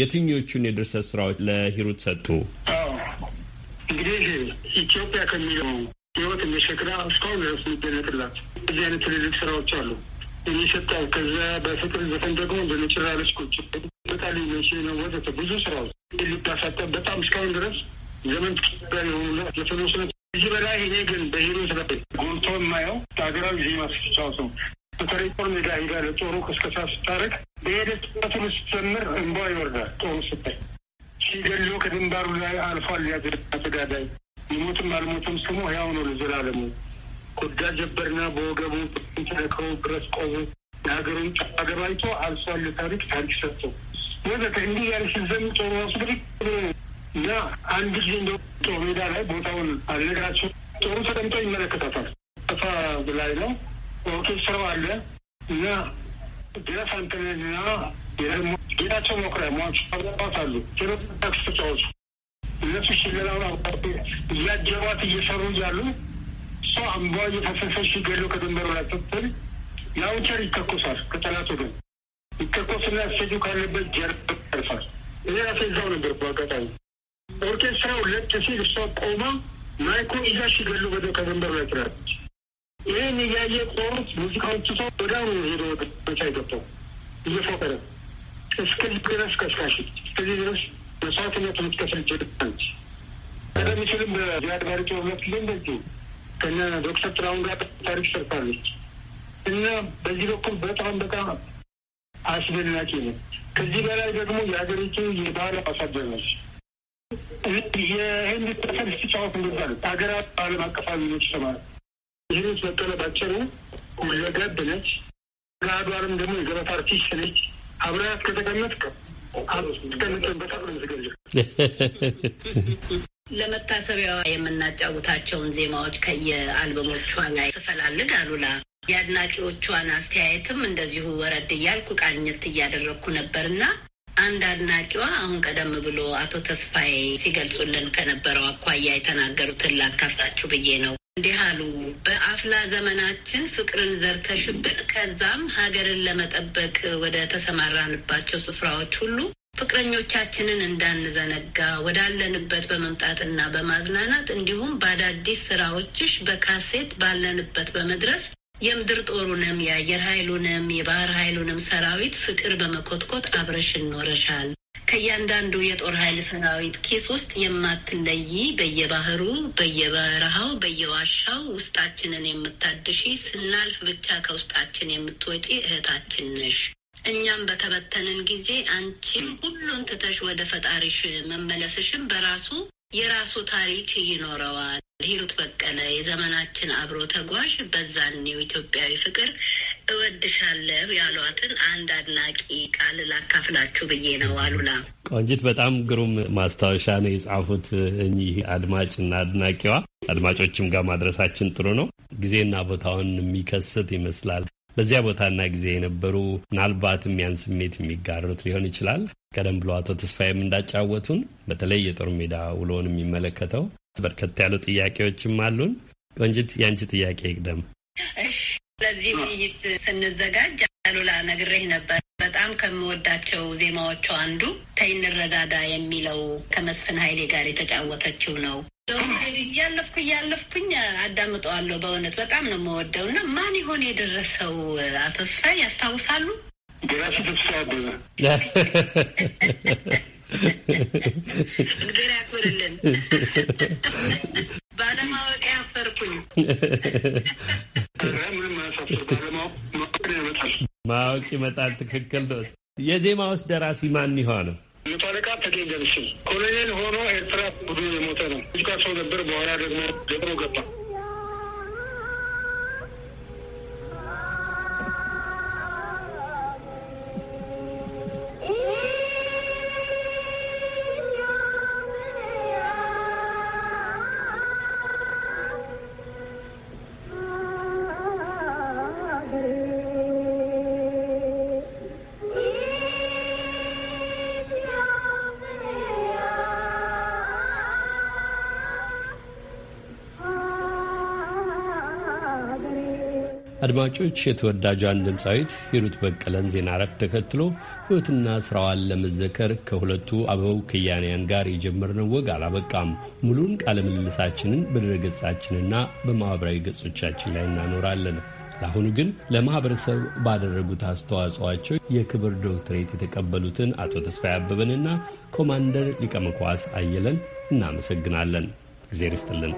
B: የትኞቹን የድርሰት ስራዎች ለሂሩት ሰጡ?
D: እንግዲህ ኢትዮጵያ ከሚለው ህይወት እንደሸክላ እስካሁን ድረስ የሚደነቅላት እዚህ አይነት ትልልቅ ስራዎች አሉ። የሚሸጣው ከዛ በፍቅር ዘፈን ደግሞ እንደነጭራለች ቁጭ በጣም ሊመቼ ነው ወዘተ ብዙ ስራዎች ሊታሳጠ በጣም እስካሁን ድረስ ዘመን ጋር የሆኑ ዘፈኖች ነው። እዚህ በላይ እኔ ግን በሂሮ ስራ ጎልቶ የማየው ሀገራዊ ዜማ ስብቻው ነው። በተለይ ጦር ሜዳ ሄዳ ለጦሩ ቅስቀሳ ስታደርግ በሄደችበትን ስትዘምር እንቧ ይወርዳል። ጦሩ ስታይ ሲገሉ ከድንባሩ ላይ አልፏል ያገዳ ተጋዳይ የሞትም አልሞትም ስሙ ሕያው ነው ለዘላለሙ ኮዳ ጀበርና በወገቡ ተነከው ብረት ቆሙ የሀገሩን አገባይቶ አልሷል። ለታሪክ ታሪክ ሰጥቶ ወዘተ እንዲህ ያለ ሲዘም ጦሩ ራሱ ብድግ እና አንድ ጊዜ እንደ ጦር ሜዳ ላይ ቦታውን አልነግራቸው ጦሩ ተቀምጦ ይመለከታታል። ጠፋ ብላይ ነው ኦርኬስትራው አለ እና ድረስ አንተነና ጌታቸው መኩሪያ ሟቹ አባት አሉ ቴሮታክስ ተጫወቱ እነሱ ሽለላውን አባ እያጀባት እየሰሩ እያሉ ሰው አምቧ እየፈሰሰሽ ገሎ ከድንበሩ ላይ ስትል የአውቸር ይተኮሳል። ከጠላቱ ግን ይተኮስና ስቴጁ ካለበት ጀርባ ያርፋል። እኔ ራሴ እዛው ነበር። በአጋጣሚ ኦርኬስትራው ለጥ ሲል እሷ ቆማ ማይኮ ይዛሽ ገሎ በደ ከድንበሩ ላይ ትላለች። ይህን እያየ ቆሩት ሙዚቃዎቹ ሰው ወዳሁኑ ሄደ ወደቻ ይገባው እየፎቀረ እስከዚህ ድረስ ቀስቃሽ እስከዚህ ድረስ መስዋዕትነት የምትከፍል ጀድናች ቀደም ሲልም በዚያ አድባሪ ጦርነት ላይ ከነ ዶክተር ጥላሁን ጋር ታሪክ ሰርታለች እና በዚህ በኩል በጣም በጣም አስደናቂ ነው። ከዚህ በላይ ደግሞ የሀገሪቱ የባህል አምባሳደር ነች። ይህን ተሰል ሲጫወት እንባል ሀገራት በዓለም አቀፋዊ ነች ተማር ይህንስ በቀለ ባጭሩ ሁለገብ ነች። ጋዷርም
C: ደግሞ የገበታ አርቲስት ነች። አብራት ከተቀመጥክ ተቀመጥበታ ነው ምስገጀ ለመታሰቢያዋ የምናጫውታቸውን ዜማዎች ከየአልበሞቿ ላይ ስፈላልግ አሉላ የአድናቂዎቿን አስተያየትም እንደዚሁ ወረድ እያልኩ ቃኘት እያደረግኩ ነበርና አንድ አድናቂዋ አሁን ቀደም ብሎ አቶ ተስፋዬ ሲገልጹልን ከነበረው አኳያ የተናገሩትን ላካፍላችሁ ብዬ ነው። እንዲህ አሉ። በአፍላ ዘመናችን ፍቅርን ዘርተሽብን፣ ከዛም ሀገርን ለመጠበቅ ወደ ተሰማራንባቸው ስፍራዎች ሁሉ ፍቅረኞቻችንን እንዳንዘነጋ ወዳለንበት በመምጣትና በማዝናናት እንዲሁም በአዳዲስ ስራዎችሽ በካሴት ባለንበት በመድረስ የምድር ጦሩንም የአየር ኃይሉንም የባህር ኃይሉንም ሰራዊት ፍቅር በመኮትኮት አብረሽ እኖረሻል። ከእያንዳንዱ የጦር ኃይል ሰራዊት ኪስ ውስጥ የማትለይ በየባህሩ፣ በየበረሃው፣ በየዋሻው ውስጣችንን የምታድሺ ስናልፍ ብቻ ከውስጣችን የምትወጪ እህታችን ነሽ። እኛም በተበተንን ጊዜ አንቺም ሁሉን ትተሽ ወደ ፈጣሪሽ መመለስሽም በራሱ የራሱ ታሪክ ይኖረዋል። ሂሩት በቀለ የዘመናችን አብሮ ተጓዥ በዛኔው ኢትዮጵያዊ ፍቅር እወድሻለሁ ያሏትን አንድ አድናቂ ቃል ላካፍላችሁ ብዬ ነው። አሉላ
B: ቆንጂት፣ በጣም ግሩም ማስታወሻ ነው የጻፉት እኚህ አድማጭና አድናቂዋ። አድማጮችም ጋር ማድረሳችን ጥሩ ነው። ጊዜና ቦታውን የሚከስት ይመስላል። በዚያ ቦታና ጊዜ የነበሩ ምናልባትም ያን ስሜት የሚጋሩት ሊሆን ይችላል። ቀደም ብሎ አቶ ተስፋዬም እንዳጫወቱን በተለይ የጦር ሜዳ ውሎውን የሚመለከተው በርከት ያሉ ጥያቄዎችም አሉን። ቆንጅት፣ ያንቺ ጥያቄ ይቅደም።
C: እሺ፣ ለዚህ ውይይት ስንዘጋጅ አሉላ ነግሬህ ነበር። በጣም ከምወዳቸው ዜማዎቹ አንዱ ተይንረዳዳ የሚለው ከመስፍን ኃይሌ ጋር የተጫወተችው ነው። እያለፍኩ እያለፍኩኝ አዳምጠዋለሁ። በእውነት በጣም ነው የምወደው። እና ማን ይሆን የደረሰው? አቶ ስፋ ያስታውሳሉ? ደራሲ ተስፋዬ
D: አበበ
F: እግዜር ያክብርልን።
C: ባለማወቅ ያፈርኩኝ። ምንም
B: ማወቅ ይመጣል። ትክክል ነው። የዜማ ውስጥ ደራሲ ማን ይሆን?
D: መቶ አለቃ ተገኝ ደምሴ ኮሎኔል ሆኖ ኤርትራ ቡድኑ የሞተ ነው። ጅቃ ሰው ነበር። በኋላ ደግሞ ገብሮ ገባ
B: አድማጮች የተወዳጇን ድምፃዊት ሂሩት በቀለን ዜና ዕረፍት ተከትሎ ሕይወትና ስራዋን ለመዘከር ከሁለቱ አበው ከያንያን ጋር የጀመርነው ወግ አላበቃም። ሙሉን ቃለ ምልልሳችንን በድረገጻችንና በማኅበራዊ ገጾቻችን ላይ እናኖራለን። ለአሁኑ ግን ለማኅበረሰብ ባደረጉት አስተዋጽኦአቸው የክብር ዶክትሬት የተቀበሉትን አቶ ተስፋዬ አበበንና ኮማንደር ሊቀመኳስ አየለን እናመሰግናለን። እግዜር ይስጥልን።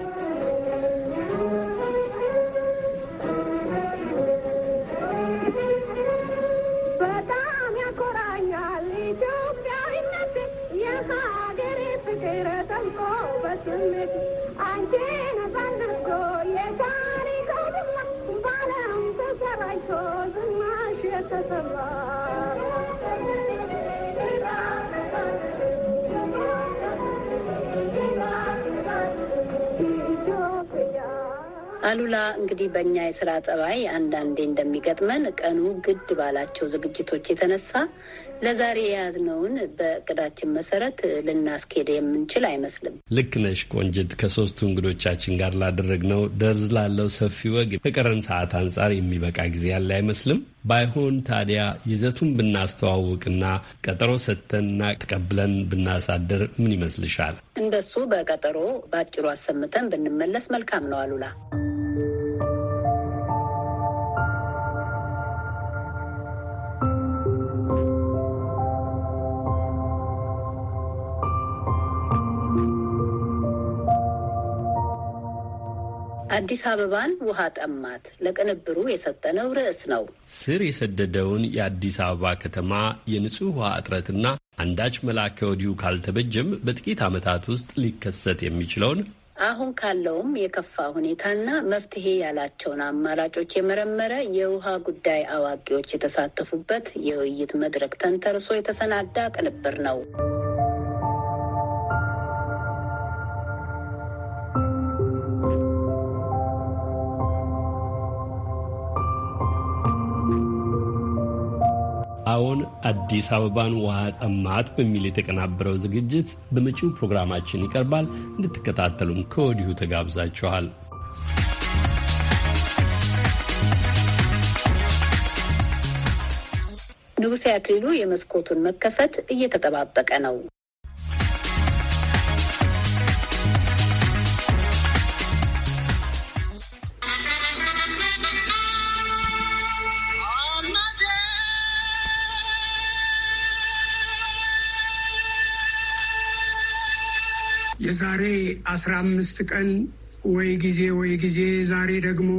C: የስራ ጠባይ አንዳንዴ እንደሚገጥመን ቀኑ ግድ ባላቸው ዝግጅቶች የተነሳ ለዛሬ የያዝነውን በእቅዳችን መሰረት ልናስኬድ የምንችል አይመስልም።
B: ልክ ነሽ ቆንጅት። ከሶስቱ እንግዶቻችን ጋር ላደረግነው ደርዝ ላለው ሰፊ ወግ ከቀረን ሰዓት አንጻር የሚበቃ ጊዜ ያለ አይመስልም። ባይሆን ታዲያ ይዘቱን ብናስተዋውቅና ቀጠሮ ሰጥተንና ተቀብለን ብናሳደር ምን ይመስልሻል?
C: እንደሱ በቀጠሮ በአጭሩ አሰምተን ብንመለስ መልካም ነው አሉላ አዲስ አበባን ውሃ ጠማት ለቅንብሩ የሰጠነው ርዕስ ነው።
B: ስር የሰደደውን የአዲስ አበባ ከተማ የንጹህ ውሃ እጥረትና አንዳች መላ ከወዲሁ ካልተበጀም በጥቂት ዓመታት ውስጥ ሊከሰት የሚችለውን
C: አሁን ካለውም የከፋ ሁኔታና መፍትሄ ያላቸውን አማራጮች የመረመረ የውሃ ጉዳይ አዋቂዎች የተሳተፉበት የውይይት መድረክ ተንተርሶ የተሰናዳ ቅንብር ነው።
F: አዎን
B: አዲስ አበባን ውሃ ጠማት በሚል የተቀናበረው ዝግጅት በመጪው ፕሮግራማችን ይቀርባል። እንድትከታተሉም ከወዲሁ ተጋብዛችኋል።
C: ንጉሴ አክሊሉ የመስኮቱን መከፈት እየተጠባበቀ ነው።
G: የዛሬ አስራ አምስት ቀን ወይ ጊዜ ወይ ጊዜ፣ ዛሬ ደግሞ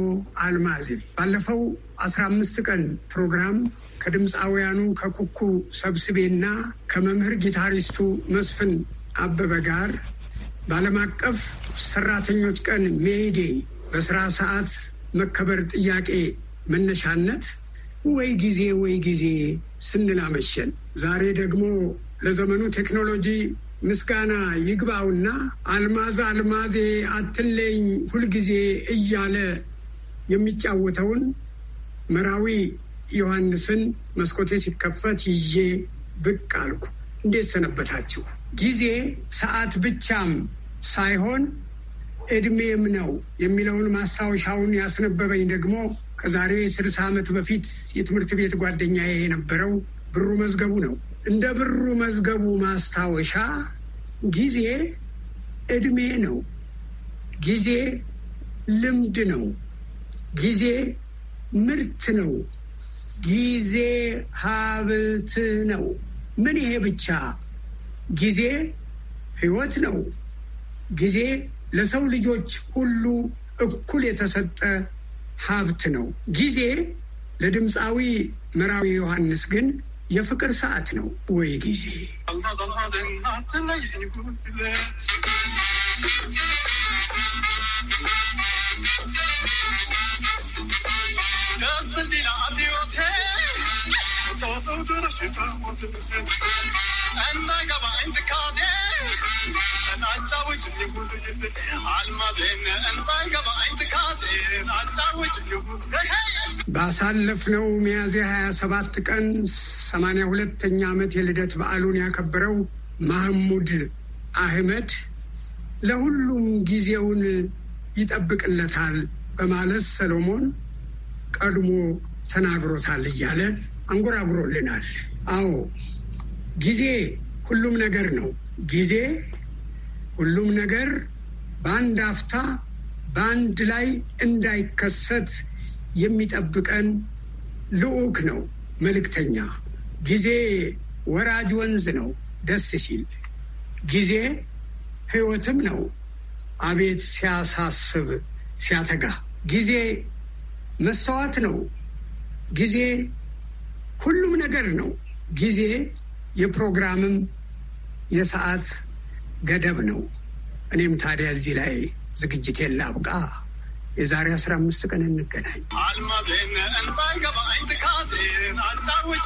G: አልማዝ ባለፈው አስራ አምስት ቀን ፕሮግራም ከድምፃውያኑ ከኩኩ ሰብስቤና ከመምህር ጊታሪስቱ መስፍን አበበ ጋር በዓለም አቀፍ ሰራተኞች ቀን ሜይዴ በስራ ሰዓት መከበር ጥያቄ መነሻነት ወይ ጊዜ ወይ ጊዜ ስንላመሸን ዛሬ ደግሞ ለዘመኑ ቴክኖሎጂ ምስጋና ይግባውና አልማዝ አልማዜ አትለኝ ሁልጊዜ እያለ የሚጫወተውን መራዊ ዮሐንስን መስኮቴ ሲከፈት ይዤ ብቅ አልኩ። እንዴት ሰነበታችሁ? ጊዜ ሰዓት ብቻም ሳይሆን እድሜም ነው የሚለውን ማስታወሻውን ያስነበበኝ ደግሞ ከዛሬ ስልሳ ዓመት በፊት የትምህርት ቤት ጓደኛዬ የነበረው ብሩ መዝገቡ ነው። እንደ ብሩ መዝገቡ ማስታወሻ ጊዜ እድሜ ነው። ጊዜ ልምድ ነው። ጊዜ ምርት ነው። ጊዜ ሀብት ነው። ምን ይሄ ብቻ? ጊዜ ሕይወት ነው። ጊዜ ለሰው ልጆች ሁሉ እኩል የተሰጠ ሀብት ነው። ጊዜ ለድምፃዊ ምራዊ ዮሐንስ ግን የፍቅር ሰዓት ነው ወይ ጊዜ ባሳለፍነው ሚያዝያ 27 ቀን 82ኛ ዓመት የልደት በዓሉን ያከበረው ማህሙድ አህመድ ለሁሉም ጊዜውን ይጠብቅለታል በማለት ሰሎሞን ቀድሞ ተናግሮታል እያለ አንጎራጉሮልናል። አዎ ጊዜ ሁሉም ነገር ነው። ጊዜ ሁሉም ነገር በአንድ አፍታ በአንድ ላይ እንዳይከሰት የሚጠብቀን ልዑክ ነው፣ መልእክተኛ። ጊዜ ወራጅ ወንዝ ነው ደስ ሲል። ጊዜ ሕይወትም ነው አቤት ሲያሳስብ ሲያተጋ። ጊዜ መስተዋት ነው ጊዜ ሁሉም ነገር ነው። ጊዜ የፕሮግራምም የሰዓት ገደብ ነው። እኔም ታዲያ እዚህ ላይ ዝግጅቴን ላብቃ። የዛሬ አስራ አምስት ቀን እንገናኝ።
F: አልማዜን እንባይገባ አይንትካዜን አጫወች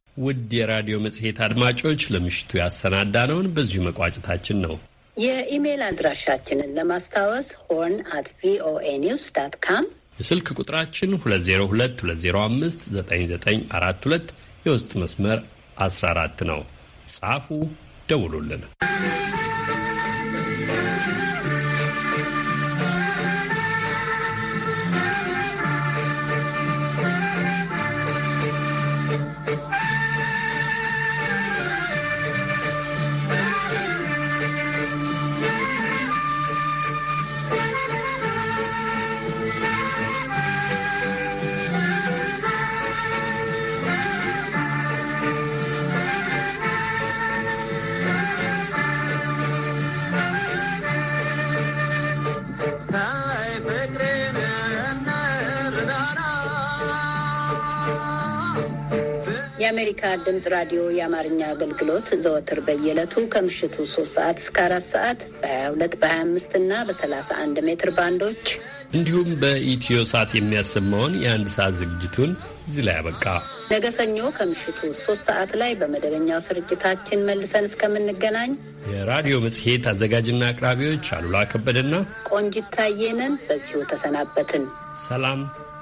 B: ውድ የራዲዮ መጽሔት አድማጮች ለምሽቱ ያሰናዳነውን በዚሁ መቋጨታችን ነው።
C: የኢሜይል አድራሻችንን ለማስታወስ ሆርን አት ቪኦኤ ኒውስ ዳት ካም፣
B: የስልክ ቁጥራችን 2022059942 የውስጥ መስመር 14 ነው። ጻፉ፣ ደውሉልን።
C: የአሜሪካ ድምፅ ራዲዮ የአማርኛ አገልግሎት ዘወትር በየዕለቱ ከምሽቱ ሶስት ሰዓት እስከ አራት ሰዓት በ22 በ25 እና በ31 ሜትር
B: ባንዶች እንዲሁም በኢትዮ ሰዓት የሚያሰማውን የአንድ ሰዓት ዝግጅቱን እዚህ ላይ አበቃ።
C: ነገ ሰኞ ከምሽቱ ሶስት ሰዓት ላይ በመደበኛው ስርጭታችን መልሰን እስከምንገናኝ
B: የራዲዮ መጽሔት አዘጋጅና አቅራቢዎች አሉላ ከበደና
C: ቆንጂት በዚሁ ተሰናበትን።
B: ሰላም።